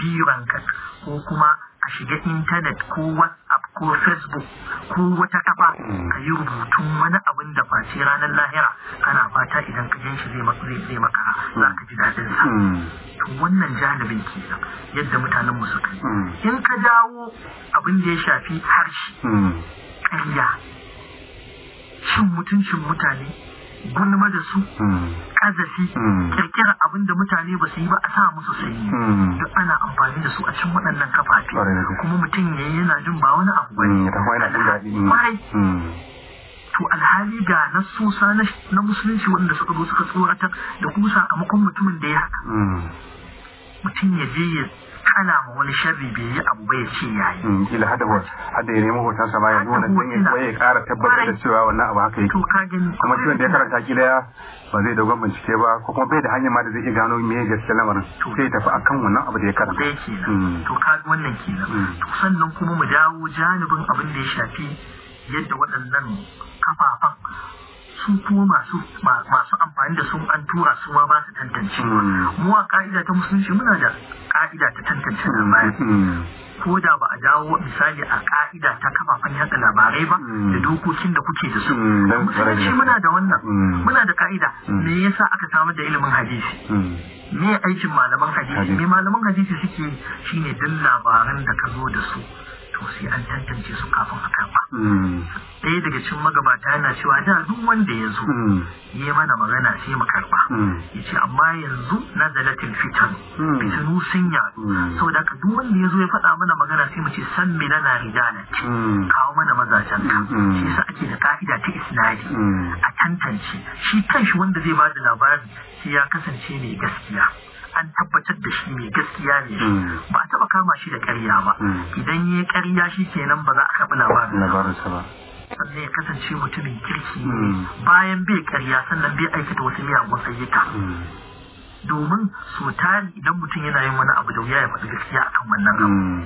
biran ka ko kuma a shiga intanet ko whatsapp ko facebook ko wata kafa hmm. ka yi rubutun wani abin da face ranar lahira ana fata idan ka shi zai maka hmm. za ka ji dadin sa hmm. to wannan janibin kenan yadda mutanen musu kai in ka dawo abin da ya shafi harshe ƙarya cin mutuncin mutane gulma da su mm. Ƙazafi. kirkira mm. abin da mutane ba su yi ba a sa musu sai mm. duk ana amfani da su a cikin waɗannan kafafe kuma mutum ya yana jin ba wani abu bane kwarai to alhali ga nasusa na musulunci wanda suka zo suka tsoratar da kuma sakamakon mutumin da ya haka mutum ya je ya kala ma wani sharri bai yi abu bai ce yayi mm, kila hada wa hada ya nemi hoton sa ma ya nuna dan ya ya kara tabbatar da cewa wannan abu haka yake to ka gani kuma shi wanda ya karanta kila ya ba zai dogon bincike ba ko kuma bai da hanyar ma da zai iya gano me gaske lamarin sai tafi akan wannan abu da ya karanta sai kenan mm. to ka wannan kenan mm. to sannan kuma mu dawo janibin abin da ya shafi yadda waɗannan kafafan su kuma masu amfani da su an tura su ma ba su tantance hmm. mu a ka'ida ta musulunci muna da ka'ida ta tantance labari hmm. ko da ba a dawo misali a ka'ida ta kafafen yaɗa labarai ba hmm. da dokokin da kuke da su musulunci muna da wannan muna da ka'ida me yasa aka samar da ilimin hadisi me aikin malaman hadisi me malaman hadisi suke shine dan labaran da ka zo da su to sai an tantance su kafin a karba mm. ɗaya daga cikin magabata yana cewa da duk wanda ya zo mm. ya mana magana sai mu karba mm. ya ce amma yanzu na zalatin fitan fitanu sun yaɗu saboda haka duk wanda ya zo ya faɗa mana magana sai mu ce san mi na rijalat kawo mana mazajen ka shi sa ake da ka'ida ta isnadi a tantance shi kanshi wanda zai ba da labarin sai ya kasance mai gaskiya an tabbatar da shi mai gaskiya ne hmm. ba a taba kama shi da karya ba hmm. idan ya karya shi kenan ba za a kaɓi labarinsa ba sannan ya kasance mutumin kirki hmm. bayan bai karya sannan bai aikata wasu miyagun ayyuka domin so idan mutum yana yin wani abu da wuya ya faɗi gaskiya akan wannan abu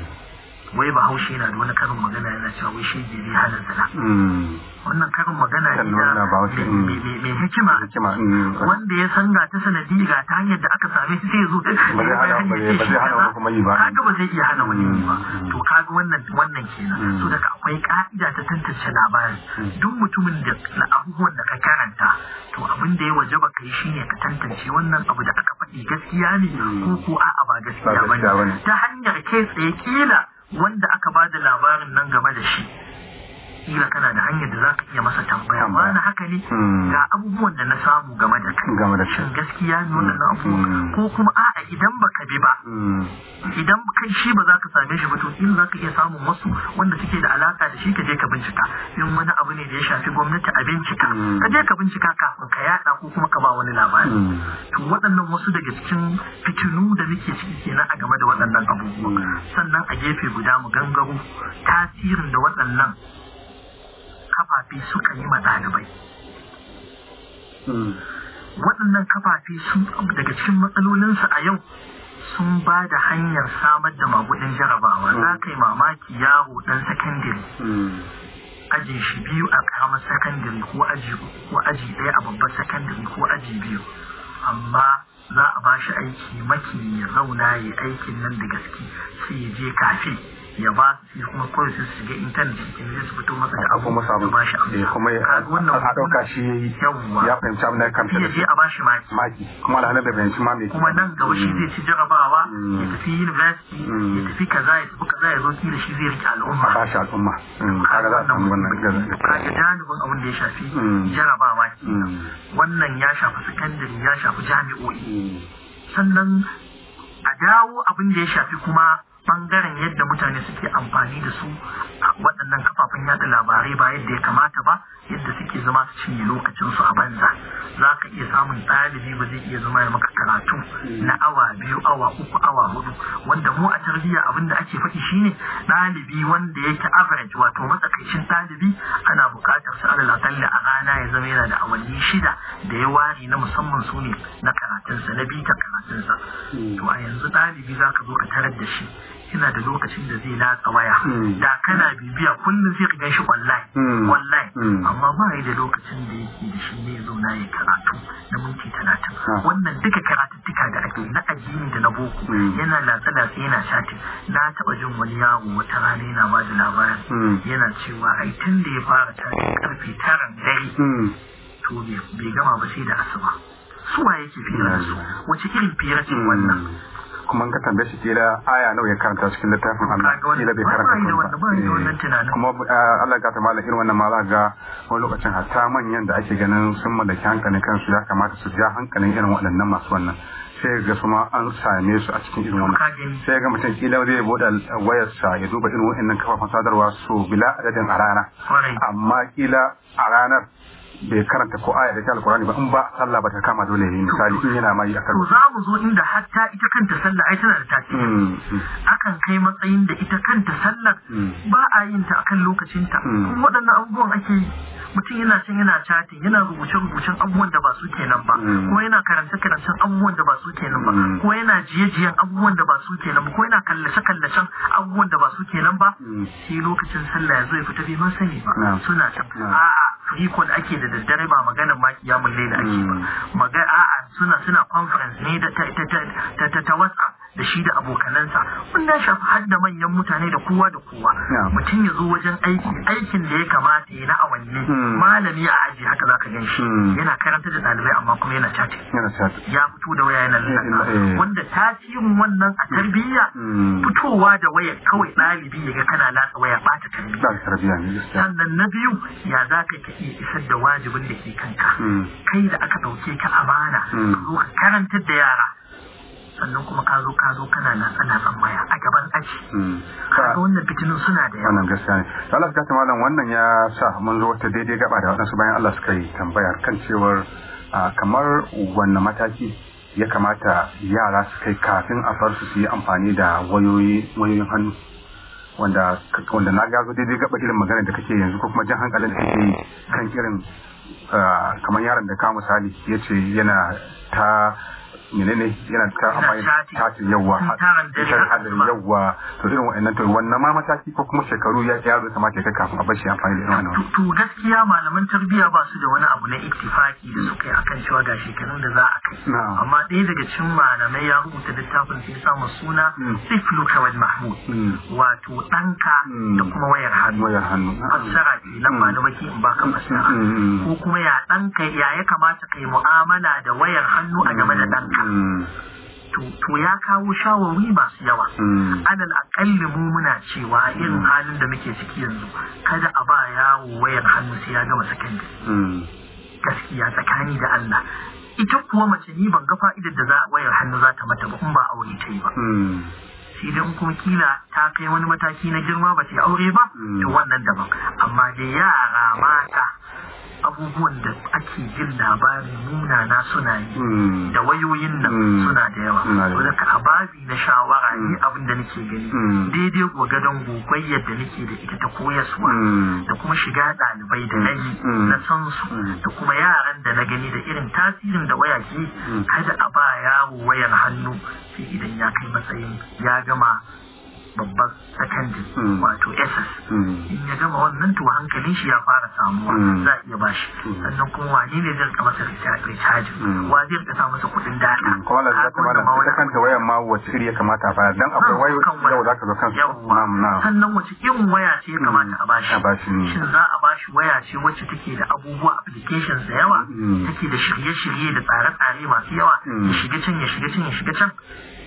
wai ba haushe yana da wani karin magana yana cewa wai shi jiri hana zina hmm. wannan karin magana ne mai hmm. hikima hmm. wanda ya san ga ta sanadi ga ta hanyar da aka same shi sai zo ba zai hana wani kuma yi ba kaga ba zai iya hana wani yi ba to kaga wannan wannan kenan so daga akwai ka'ida ta tantance labarin duk mutumin da na abubuwan da ka karanta to abin da ya wajaba kai shine ka tantance wannan abu da aka faɗi gaskiya ne ko ko a'a ba gaskiya bane ta hanyar kai tsaye kila wanda aka ba da labarin nan game da shi kila kana da hanyar da za ka iya masa tambaya ba na haka ne hmm. ga abubuwan da na samu game da kai game da kai gaskiya ne wannan hmm. Hmm. ko kuma a'a idan baka bi ba idan kai shi ba za ka same shi ba to in za ka iya samun wasu wanda suke da alaka da shi ka je ka bincika in wani abu ne da ya shafi gwamnati a bincika ka je ka bincika kafin ka yaɗa ko kuma ka ba wani labari to waɗannan wasu daga cikin fitinu da muke ciki kenan a game da waɗannan abubuwa sannan a gefe guda mu gangaro tasirin da waɗannan Kafafi suka yi ɗalibai hmm. waɗannan kafafe sun daga cikin matsalolinsu a yau sun ba da hanyar samar da magudin jarabawa hmm. za ka yi mamaki yaro ɗan sakandare hmm. aji shi biyu a karamar sakandare ko aji ko aji ɗaya a babban sakandare ko aji biyu amma za a ba shi aiki maki ya zauna ya aikin nan da gaske sai ya je kafe ya ba shi kuma kawai su shiga intanet in su fito masa da abu masa abu ba shi abu eh, kuma ya a dauka shi yayi ya fahimci abin da kamshi ya je a ba shi maki maki kuma alhalin da fahimci ma me kuma nan gaba shi mm. zai ci jarabawa ya mm. tafi university ya mm. tafi kaza ya tafi kaza ya zo kila shi zai rike al'umma ba shi al'umma kaga za a samu wannan kaga janibin abin da ya shafi jarabawa wannan ya shafi sakandare ya shafi jami'o'i sannan a dawo abin da ya shafi kuma bangaren yadda mutane suke amfani da su a waɗannan kafafen yada labarai ba yadda ya kamata ba yadda suke zama su cinye lokacinsu a banza za ka iya samun ɗalibi ba zai iya zama ya maka karatu na awa biyu awa uku awa hudu wanda mu a tarbiyya abin da ake faɗi shine ɗalibi wanda yake average wato matsakaicin ɗalibi ana buƙatar su alal a rana ya zama yana da awanni shida da ya ware na musamman su ne na karatu karatunsa na ta karatunsa hmm. to a yanzu ɗalibi za ka zo ka tarar da shi yana da lokacin da zai latsa waya hmm. da kana bibiya kullum zai ka shi wallahi hmm. amma ba yi da lokacin da yake da shi ne zo na ya karatu na minti talatin wannan duka karatuttuka da ake na addini da na boko yana latsa latsa yana shati na taba jin wani yaro wata rana yana ba da labarin yana cewa ai tun da ya fara tashi karfe tara dare to bai gama ba sai da asuba suwa yake fira su mm. wace irin fira cin wannan mm. kuma ka tambaye shi kira aya nawa ya karanta cikin littafin Allah kila bai karanta ba eh. kuma eh, Allah ya ta malakin wannan ma za ga wani lokacin hatta manyan da ake ganin sun mallaki hankalin kansu ya kamata su ja hankalin irin waɗannan masu wannan sai ga kuma an same su a cikin irin wannan sai ga mutum kila zai bude wayarsa ya duba irin waɗannan kafafen sadarwa su bila adadin a rana amma kila a ranar bai karanta ko aya da ta alkurani ba in ba sallah ba ta kama dole ne misali in yana mai akan to za mu zo inda hatta ita kanta sallah ai tana da tasiri hmm, hmm. akan kai matsayin da ita kanta sallar hmm. ba a yin ta akan lokacin ta kuma waɗannan abubuwan ake yi mutum yana can yana chatin yana rubuce rubucen abubuwan da ba su kenan ba ko yana karanta karancen abubuwan da ba su kenan ba ko yana jiye jiyen abubuwan da ba su kenan ba ko yana kallace kallacen abubuwan da ba su kenan ba Shi lokacin sallah ya zo ya fita bai ma sani ba suna can a'a ikon ake da daddare ba maganar ma kiyamun da ake ba hmm. maga a'a suna suna conference ne ta ta ta ta WhatsApp da shi da abokanansa wanda ya shafi har da manyan mutane da kowa da kowa mutum ya zo wajen aiki aikin da ya kamata ya na awanni hmm. malami a aji haka zaka gan shi hmm. yana karanta da ɗalibai amma kuma yana cati ya fito da waya yana eh, lalata eh, eh. wanda tasirin wannan a tarbiyya hmm. fitowa da waya kawai ɗalibi ya ga kana lasa waya Bata tarbiyya sannan na biyu ya zaka ka iya isar da wajibin da ke kanka kai da aka ɗauke ka amana zo ka karantar da yara sannan kuma ka zo ka zo kana na ana tsammaya a gaban aji hmm. kaga wannan fitinin suna da yawa wannan gaskiya ne Allah ka malam wannan ya sa mun zo wata daidai gaba da wadansu bayan Allah suka yi tambaya kan cewar kamar wannan mataki ya kamata yara su kai kafin a far su yi amfani da wayoyi wayoyin hannu wanda wanda na gazo daidai gaba irin magana da kake yanzu ko kuma jan hankalin da kake yi kan irin kamar yaron da ka misali ya ce yana ta menene yana ta amma amai tatin yawa hatar hadari yawa to irin wa'annan to wannan ma mataki ko kuma shekaru ya yaro kamata ya kai kafin a bashi amfani da irin wannan to gaskiya malaman tarbiyya ba su da wani abu na ittifaki da suka yi akan cewa ga shekarun da za a kai amma ɗaya daga cikin malamai ya rubuta littafin sai samu suna hmm. sifluka kawai mahmud hmm. wato ɗanka hmm. da kuma wayar hannu wayar hannu fassara ce nan malamai ke in baka fassara ko kuma ya ɗanka ya ya kamata kai mu'amala da wayar hannu a game da ɗanka Mm. to ya kawo shawarwi masu yawa mm. alal akalli mu muna cewa a irin mm. halin da muke ciki yanzu kada a ba yawo wayar hannu sai ya gama sakandare gaskiya tsakani da Allah ita kuwa mace ni ban ga fa'idar da za wayar hannu za ta mata ba in ba aure ta yi ba sai dan kuma kila ta kai wani mataki na girma ba ta aure ba to wannan daban amma dai yara mata abubuwan da ake jin labari na suna yi hmm. da wayoyin nan hmm. suna da yawa wadda ka ababi na shawara ne hmm. abin da nake gani daidai gadon gogayyar yadda nake da ita ta koyaswa da kuma shiga ɗalibai da na na san su da kuma yaran da na gani da irin tasirin da waya ke kada a ba yaro wayar hannu sai idan ya kai matsayin ya gama babban secondary wato ss e. in ya gama wannan to hankalin shi ya fara samuwa hmm. za a iya bashi hmm. sannan kuma wani ne zai rika masa recharge hmm. wa zai rika sa masa kuɗin data kuma da zaka mana ita kanta wayar ma wace iri ya kamata a fara dan akwai wayo yau ka zo kan sannan wace irin waya ce ya kamata a bashi shin za a bashi waya ce wacce take da abubuwa applications da yawa take da shirye-shirye da tsare-tsare masu yawa ya shiga can ya shiga can ya shiga can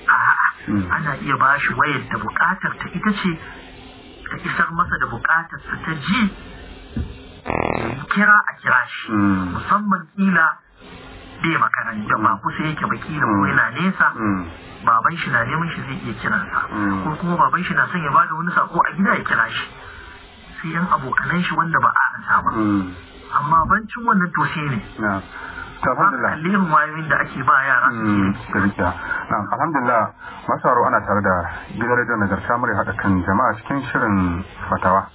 a Hmm. ana iya ba shi wayar da bukatar ta ita ce ta isar masa da bukatar sa ta ji kira a kira shi hmm. musamman kila bai makaranta ba kusa yake ba kila ko yana nesa hmm. baban shi na neman shi zai iya kiransa ko kuma baban shi na son ya da wani sako a gida ya kira shi sai yan abokanan shi wanda ba a ba amma bancin wannan to ne alhamdulillah lihin wayoyin ba mm, ana tare da gidan rediyon nagarta murya haɗa kan jama'a cikin shirin fatawa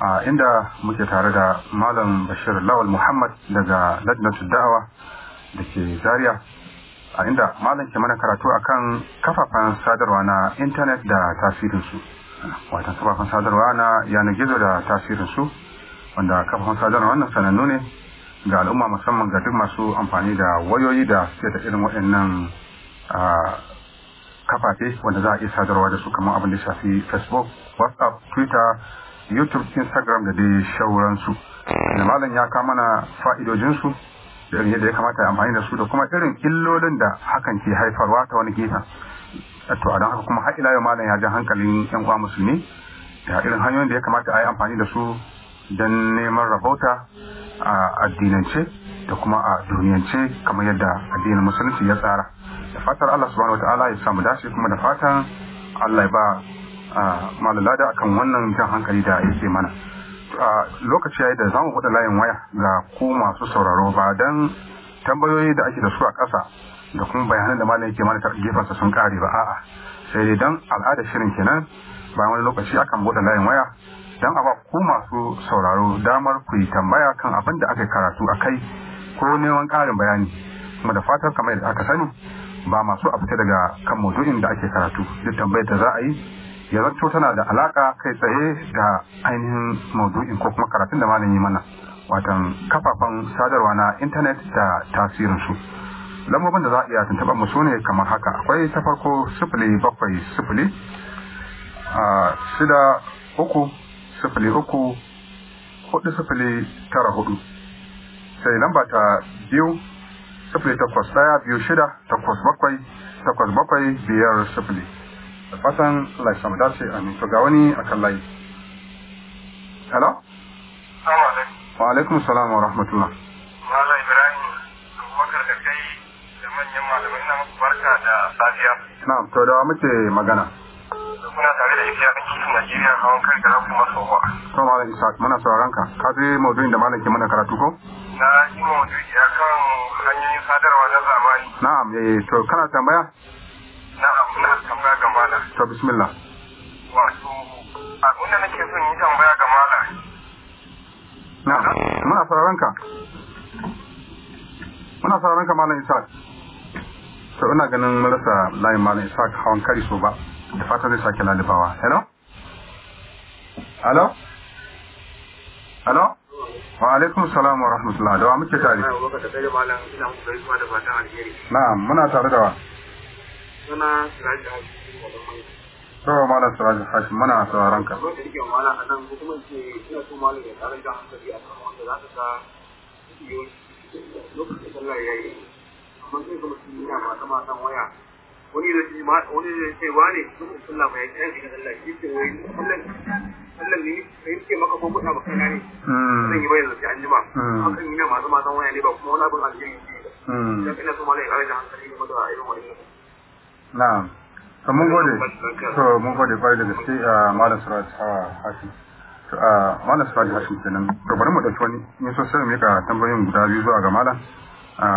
a inda muke tare da malam bashir lawal muhammad daga lajnatu da'awa da ke zaria a inda malam ke mana karatu akan kafafen sadarwa na intanet da tasirinsu wata kafafen sadarwa na yanar gizo da tasirinsu wanda kafafen sadarwa wannan sanannu ne ga al'umma musamman ga duk masu amfani da wayoyi da suke da irin waɗannan kafafe wanda za a iya sadarwa da su kamar abin da shafi facebook whatsapp twitter youtube instagram da dai shauransu da malam ya kama na fa'idojinsu da irin yadda ya kamata ya amfani da su da kuma irin illolin da hakan ke haifarwa ta wani gefen to a don haka kuma har yau malam ya ja hankalin yan uwa musulmi da irin hanyoyin da ya kamata a yi amfani da su don neman rabauta a addinance da kuma a duniyance kamar yadda addinin musulunci ya tsara da fatar Allah subhanahu wataala ya samu dace kuma da fatan Allah ya ba malala akan wannan jan hankali da yake mana a lokaci yayi da zamu buɗe layin waya ga ku masu sauraro ba dan tambayoyi da ake da su a ƙasa da kuma bayanan da malam yake mana gefansa sun kare ba a'a sai dai dan al'ada shirin kenan bayan wani lokaci akan buɗe layin waya don a ba ku masu sauraro damar ku yi tambaya kan abin da aka karatu a kai ko neman ƙarin bayani kuma da fatar kamar yadda aka sani ba masu a daga kan maudu'in da ake karatu duk tambayar da za a yi ya zanto tana da alaka kai tsaye da ainihin maudu'in ko kuma karatun da malami mana watan kafafen sadarwa na intanet da tasirinsu lambobin da za a iya tuntuɓar mu ne kamar haka akwai ta farko sifili bakwai sifili a shida uku sifili uku hudu sifili tara hudu sai lamba ta biyu sifili takwas ɗaya biyu shida takwas bakwai takwas bakwai biyar sifili da fatan lai samu dace amin to ga wani kan layi hello wa alaikum salam wa rahmatullah wala ibrahim da kai da manyan malamai na barka da safiya to da muke magana muna tare da ifiya kifin Najeriya hawan kan gara kuma sowa. To Malam muna sauraron ka. Ka je maudu'in da malam ke mana karatu ko? Na yi maudu'i kan hanyoyin sadarwa na zamani. Na'am eh to kana tambaya? Na'am ina tambaya ga malam. To bismillah. Wato abin da nake son yi tambaya ga malam. Na'am muna sauraron ka. Muna sauraron ka malam Isa. to ina ganin marasa layin malam Isa hawan kari so ba. da fatan zai sake lalubawa. hello hello hello wa alaikum salam wa rahmatullah da wa muke tare na'am muna tare da wa suna sirajin hakim rawa malam sirajin hakim muna sauraron ka da yake malam a nan hukumar ce ina so malam ya tsarin da hankali a kan wanda za ka lokacin sallah ya yi amma sai kuma sun yi na mata matan waya wani da shi wani da ce wa ne sun Allah mai kan shi Allah shi ke wai Allah Allah ne sai ke maka ko kuɗa baka ne. Hmm. zan yi bayyana shi anjima hmm. hakan yana masu matan waya ne ba kuma wani abin aljiri ne hmm. da kina so malai kare da hankali ne da irin wannan na'am to mun gode to mun gode bai da gaske a ah, malam surat ah, hashim to a ah, malam surat hashim kenan to bari mu dauki wani ni so sai mu ka tambayoyin guda biyu zuwa ga malam a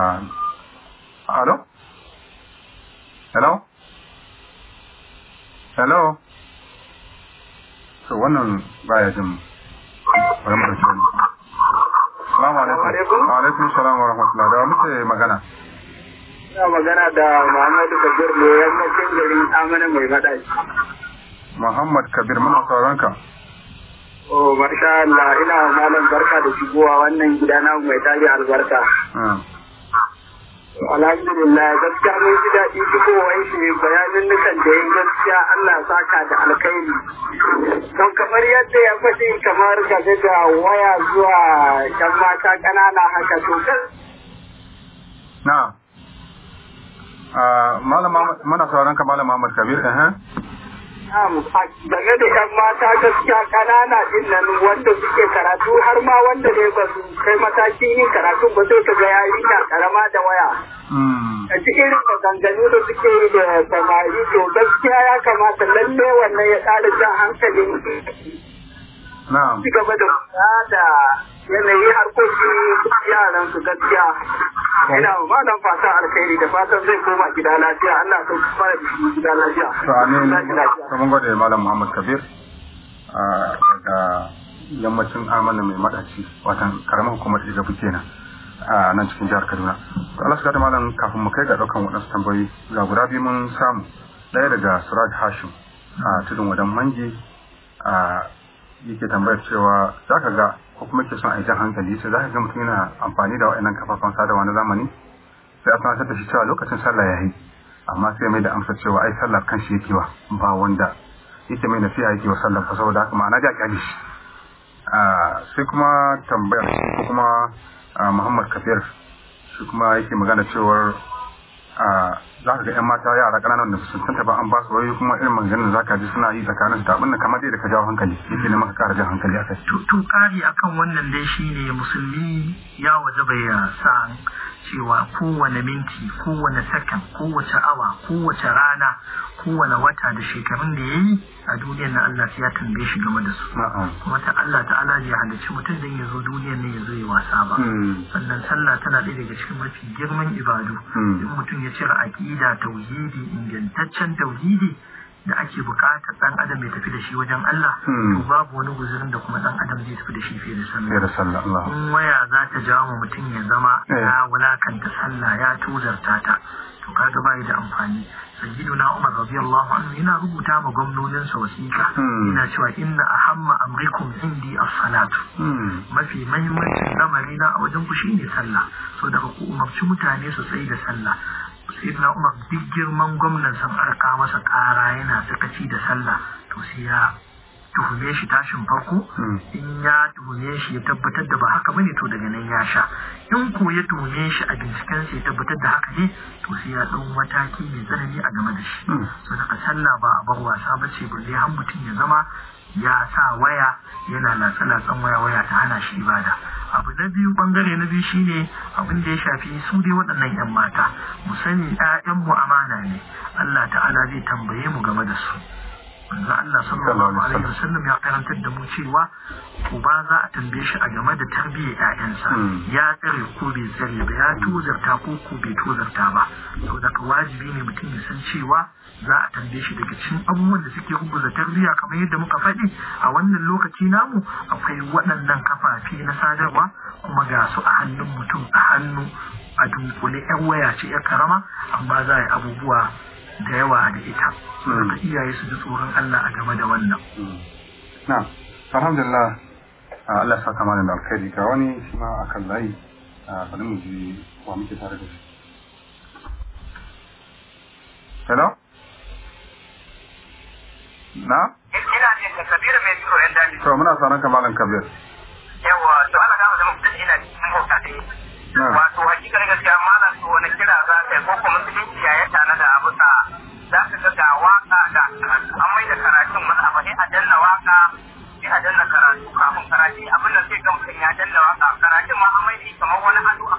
alo hello hello to wannan baya jin ramar mu ci Assalamu alaikum. Wa alaikum salam, wa rahmatullah. Da muke magana. Ina magana da Muhammadu Kabir ne yammacin gari Amana mai fadashi. Muhammad Kabir muna sauran ka. Oh, masha Allah, ina malam barka da shigowa wannan gida na mai tari albarka. Hmm. alhamdulillah gaskiya mun ji daɗi fitowar shi bayanin nukan da ya gaskiya Allah saka da alkhairi don kamar yadda ya faɗi kamar ka da waya zuwa yan mata ƙanana haka to kan na ah, malama mana sauran ka malam Muhammad Kabir eh, eh. Game da ‘yan mata gaskiya ƙanana din nan wanda suke karatu har ma wanda ne ba su kai matakin yin karatu ba sai ka ga na karama da waya. Hmm. A cikin maganganu da suke yi da samari to gaskiya ya kamata lalle wannan ya ƙara jan hankalin ci gaba da kula yanayi harkoki yaran su gaskiya ina ma malam fata alkhairi da fatan zai koma gida lafiya Allah ta fara gida lafiya to amin kaman gode malam Muhammad Kabir ah, daga yammacin amana mai madaci watan karamar hukumar buke kenan a nan cikin jihar Kaduna to Allah saka malam kafin mu kai ga ɗaukan waɗansu tambayoyi ga guda biyu mun samu ɗaya daga Suraj Hashim a tudun wadan mangi a yake tambayar cewa za ka ga ko kuma ke son aikin hankali sai za ka ga mutum yana amfani da wa'annan kafafen sadarwa na zamani sai a sanatar da shi cewa lokacin sallah ya yi amma sai mai da amsa cewa ai sallar kan shi yake wa ba wanda yake mai nasiha yake wa sallar ba saboda haka ma'ana ga kyali shi sai kuma tambayar ko kuma muhammad kafir shi kuma yake magana cewar za ka ga 'yan mata yara ƙananan da sun kanta ba an ba su wayoyi kuma irin maganganun za ka ji suna yi tsakanin ta abin da kamar dai da ka jawo hankali yake ne maka ƙara jan hankali a kai. tun kari akan wannan dai shine musulmi ya waje bai sa cewa kowane minti kowane sakan kowace awa kowace rana kowane wata da shekarun da ya yi a duniyar na Allah ya tambaye shi game da su kuma ta Allah ta'ala bai halicci mutum dan ya zo duniyar ne ya zo ya wasa ba hmm. sannan sallah tana ɗaya daga cikin mafi girman ibadu hmm. in mutum ya cire aƙida tauhidi ingantaccen tauhidi da ake bukatar ɗan adam ya tafi da shi wajen Allah hmm. to babu wani guzurin da kuma ɗan adam zai tafi da shi fiye da sallah in waya zata ta wa mutum ya zama eh. ya wulakanta sallah ya tuzarta ta to kaga bai da amfani na Umar radiyallahu anhu yana rubuta wa gwamnonin sa wasika. Hmm. yana cewa inna a hamma ahamma amrikum indi a salatu hmm. mafi muhimmancin lamari na a wajen ku ne sallah so daga ku umarci mutane su tsaye da sallah sai na umar duk girman gwamnan sun farka masa kara yana sakaci da sallah to sai ya tuhume shi tashin farko hmm. in ya tuhume shi ya tabbatar da ba haka bane to daga nan ya sha in ko ya tuhume shi a binciken ya tabbatar da haka ne to sai ya dau mataki mai tsanani a game da shi hmm. so daga sallah ba a bar wasa ba ce balle har mutum ya zama ya sa waya yana latsa latsan waya waya ta hana shi ibada abu na biyu bangare na biyu shine abin da ya shafi su dai waɗannan yan mata mu sani mu amana ne Allah ta'ala zai tambaye mu game da su manzo Allah sallallahu alaihi wasallam ya karantar da mu cewa uba za a tambaye shi a game da tarbiyyar ƴaƴansa hmm. ya tsare ko bai tsare ba ya tozarta ko ko bai tozarta ba saboda wajibi ne mutum ya san cewa za a tambaye shi daga cikin abubuwan da suke rubuta tarbiyya kamar yadda muka faɗi a wannan lokaci namu akwai waɗannan kafafe na sadarwa kuma ga su a hannun mutum a hannu a dunkule yan waya ce ya karama amma za a yi abubuwa da yawa da ita saboda hmm. iyaye su ji tsoron Allah a game da wannan hmm. na alhamdulillah Allah ya saka malam alkhairi ga wani shi ma kan layi bari mu ji wa muke tare da shi hello na ina jin ka kabir mai tsoro yan dadi to muna saran ka malam kabir yawa to Allah ka zama mutum ina cikin bauta da yi wato hakikar gaskiya malam to wani kira za ka yi ko kuma musulunci ya tana da abu ta za ka ga ga waka ga? an mai da karatun wani abu ne a danna waka sai a danna karatu kafin karatu abin da sai ga mutum ya danna waka karatun ma an mai da kamar wani hannu a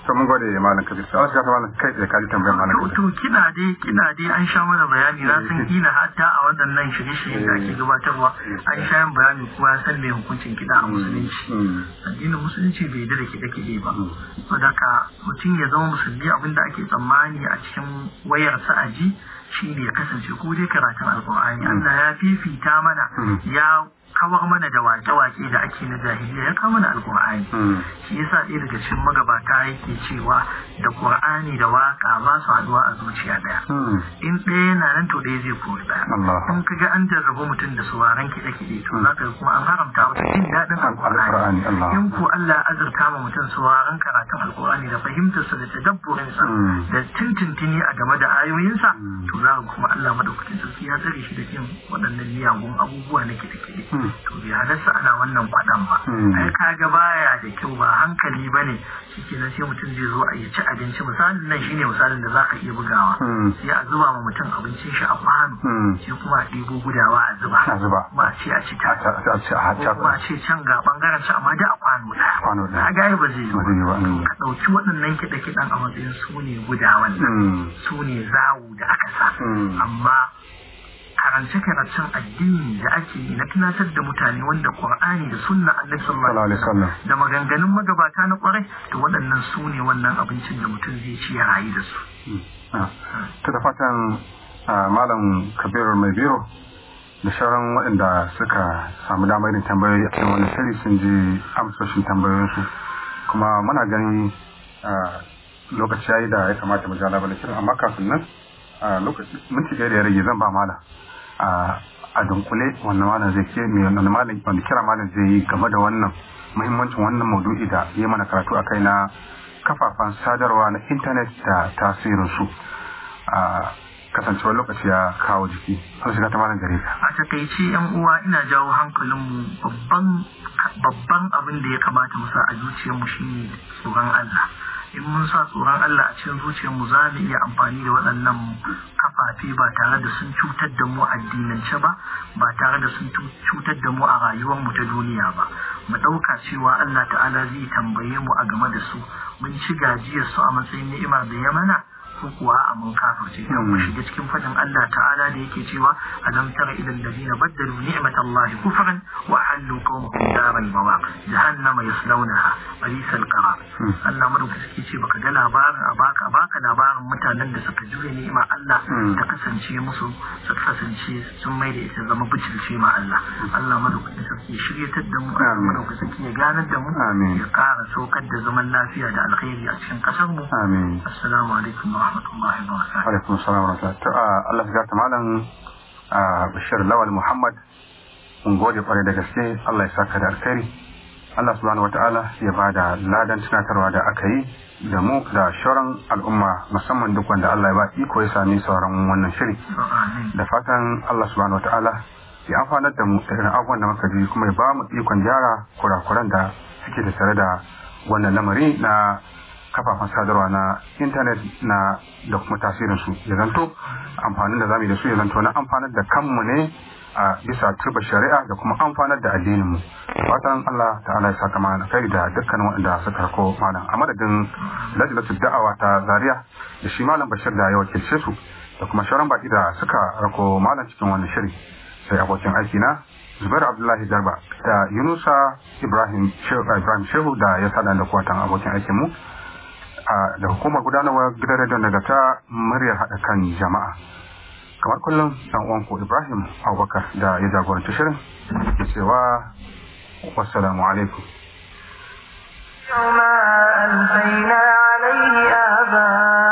to mun gode malam kabir sai ka ta malam kai da kaji tambayar malam to kina dai kina dai an sha mana bayani na san eh. kina hatta a waɗannan shirye-shirye da ake eh. gabatarwa an sha yin bayani kuma ya san me hukuncin kiɗa a mm. musulunci mm. addinin musulunci bai da kiɗe-kiɗe ba mm. saboda mutum ya zama musulmi abinda ake tsammani a cikin wayarsa aji shi ne ya kasance ko dai karatun alkur'ani Allah ya fifita mana ya kawar mana da wake-wake da ake na jahiliya ya kawo mana alkur'ani hmm. shi yasa ɗaya daga cikin magabata yake cewa da qur'ani da waka ba su haɗuwa a zuciya ɗaya hmm. in ɗaya yana nan to ɗaya zai kori ɗaya in ka ga an jarrabu mutum da sauraron kiɗe-kiɗe to hmm. za ka kuma an haramta wa jin daɗin alkur'ani in ko Allah ya azurta ma mutum sauraron karatun alkur'ani da fahimtarsa da tadabburinsa da tintintini a game da ra'ayoyinsa hmm. to za ka kuma Allah madaukakin sarki ya tsare shi da kin waɗannan miyagun abubuwa na kiɗe-kiɗe hmm. to bi halarsa ana wannan kwaɗan ba hmm. ai kaga baya da kyau ba hankali ba ne shi sai mutum zai zo a yi ci abinci misalin nan shine misalin da za ka iya bugawa sai a zuba ma mutum abincin shi a kwano sai kuma a ɗebo gudawa a zuba ba a ce a ci ta a ce can ga ɓangaren ci amma da a kwano da a gaya ba zai yi ba ka ɗauki waɗannan kiɗe-kiɗen a matsayin su ne gudawan su ne zawu da aka sa hmm. amma karance karancen addini da ake yi na tunatar da mutane wanda qur'ani da sunna annabi sallallahu alaihi wasallam da maganganun magabata na kwarai to waɗannan su ne wannan abincin da mutum zai ci ya rayu da su hmm. ah. hmm. ta da fatan ah, malam kabir mai biro da sauran waɗanda suka samu damar yin tambayoyi a cikin wani sun ji amsoshin tambayoyinsu kuma muna ganin ah, lokaci ya yi da ya kamata mu jana bala shirin amma kafin nan a lokaci minti da ya rage zan ba mala a dunkule wannan malam zai ce me wannan malam wanda kira malam zai yi game da wannan muhimmancin wannan maudu'i da ya mana karatu a kai na kafafen sadarwa na intanet da tasirin su a kasancewar lokaci ya kawo jiki sun shiga ta malam gare ka a takaice yan uwa ina jawo hankalin mu babban abin da ya kamata mu sa a zuciyarmu shine tsoron Allah in mun sa tsoron Allah a cikin zuciyar mu za mu iya amfani da waɗannan kafafe ba tare da sun cutar da mu addinance ba ba tare da sun cutar da mu a rayuwar mu ta duniya ba mu ɗauka cewa Allah ta'ala zai tambaye mu a game da su mun ci gajiyar su a matsayin ni'ima da yamana su kuwa a mun kafirce kan mu shiga cikin fadin Allah ta'ala da yake cewa alam tara ila alladhina baddalu ni'matallahi kufran wa halu qawmahum daral bawaq jahannama yaslawnaha hmm. ce baka ga labarin a baka baka labarin mutanen da suka jure ni'ima Allah hmm. ta kasance musu su kasance sun mai da ita zama ma Allah Allah shiryatar da mu ya ganar da mu ya kara saukar da zaman lafiya da alkhairi a cikin kasar mu assalamu alaikum wa rahmatullahi wa wa rahmatullahi Allah ya gata malam ah, Bashir Lawal Muhammad mun gode kwarai da gaske Allah ya saka da alkhairi Allah subhanahu wataala ya da ladan tunatarwa da aka yi da mu da shoran al'umma musamman duk wanda Allah ya ba iko ya sami sauran wannan shiri da fatan Allah subhanahu wataala ya amfanar da mu da abubuwan da muka ji kuma ya ba mu ikon gyara kurakuran da suke da tare da wannan lamari na kafafen sadarwa na intanet na da kuma tasirin su ya zanto amfanin da zamu yi da su ya zanto na amfanar da kanmu ne a bisa turba shari'a da kuma amfanar da addinin mu fatan Allah ta'ala ya saka mana kai da dukkanin waɗanda suka ko malam a madadin lajnatul da'awa ta Zaria da shi malam Bashir da ya wakilce su da kuma shawaran baki da suka rako malam cikin wannan shiri sai abokin aiki na Zubair Abdullahi Darba da Yunusa Ibrahim Shehu da ya sada da kwatan abokin aikin mu da hukumar gudanarwa gidan rediyon daga ta muryar haɗa kan jama'a kamar kullum dan uwanku ibrahim abubakar da ya jagoranci shirin da cewa wassalamu alaikum يوم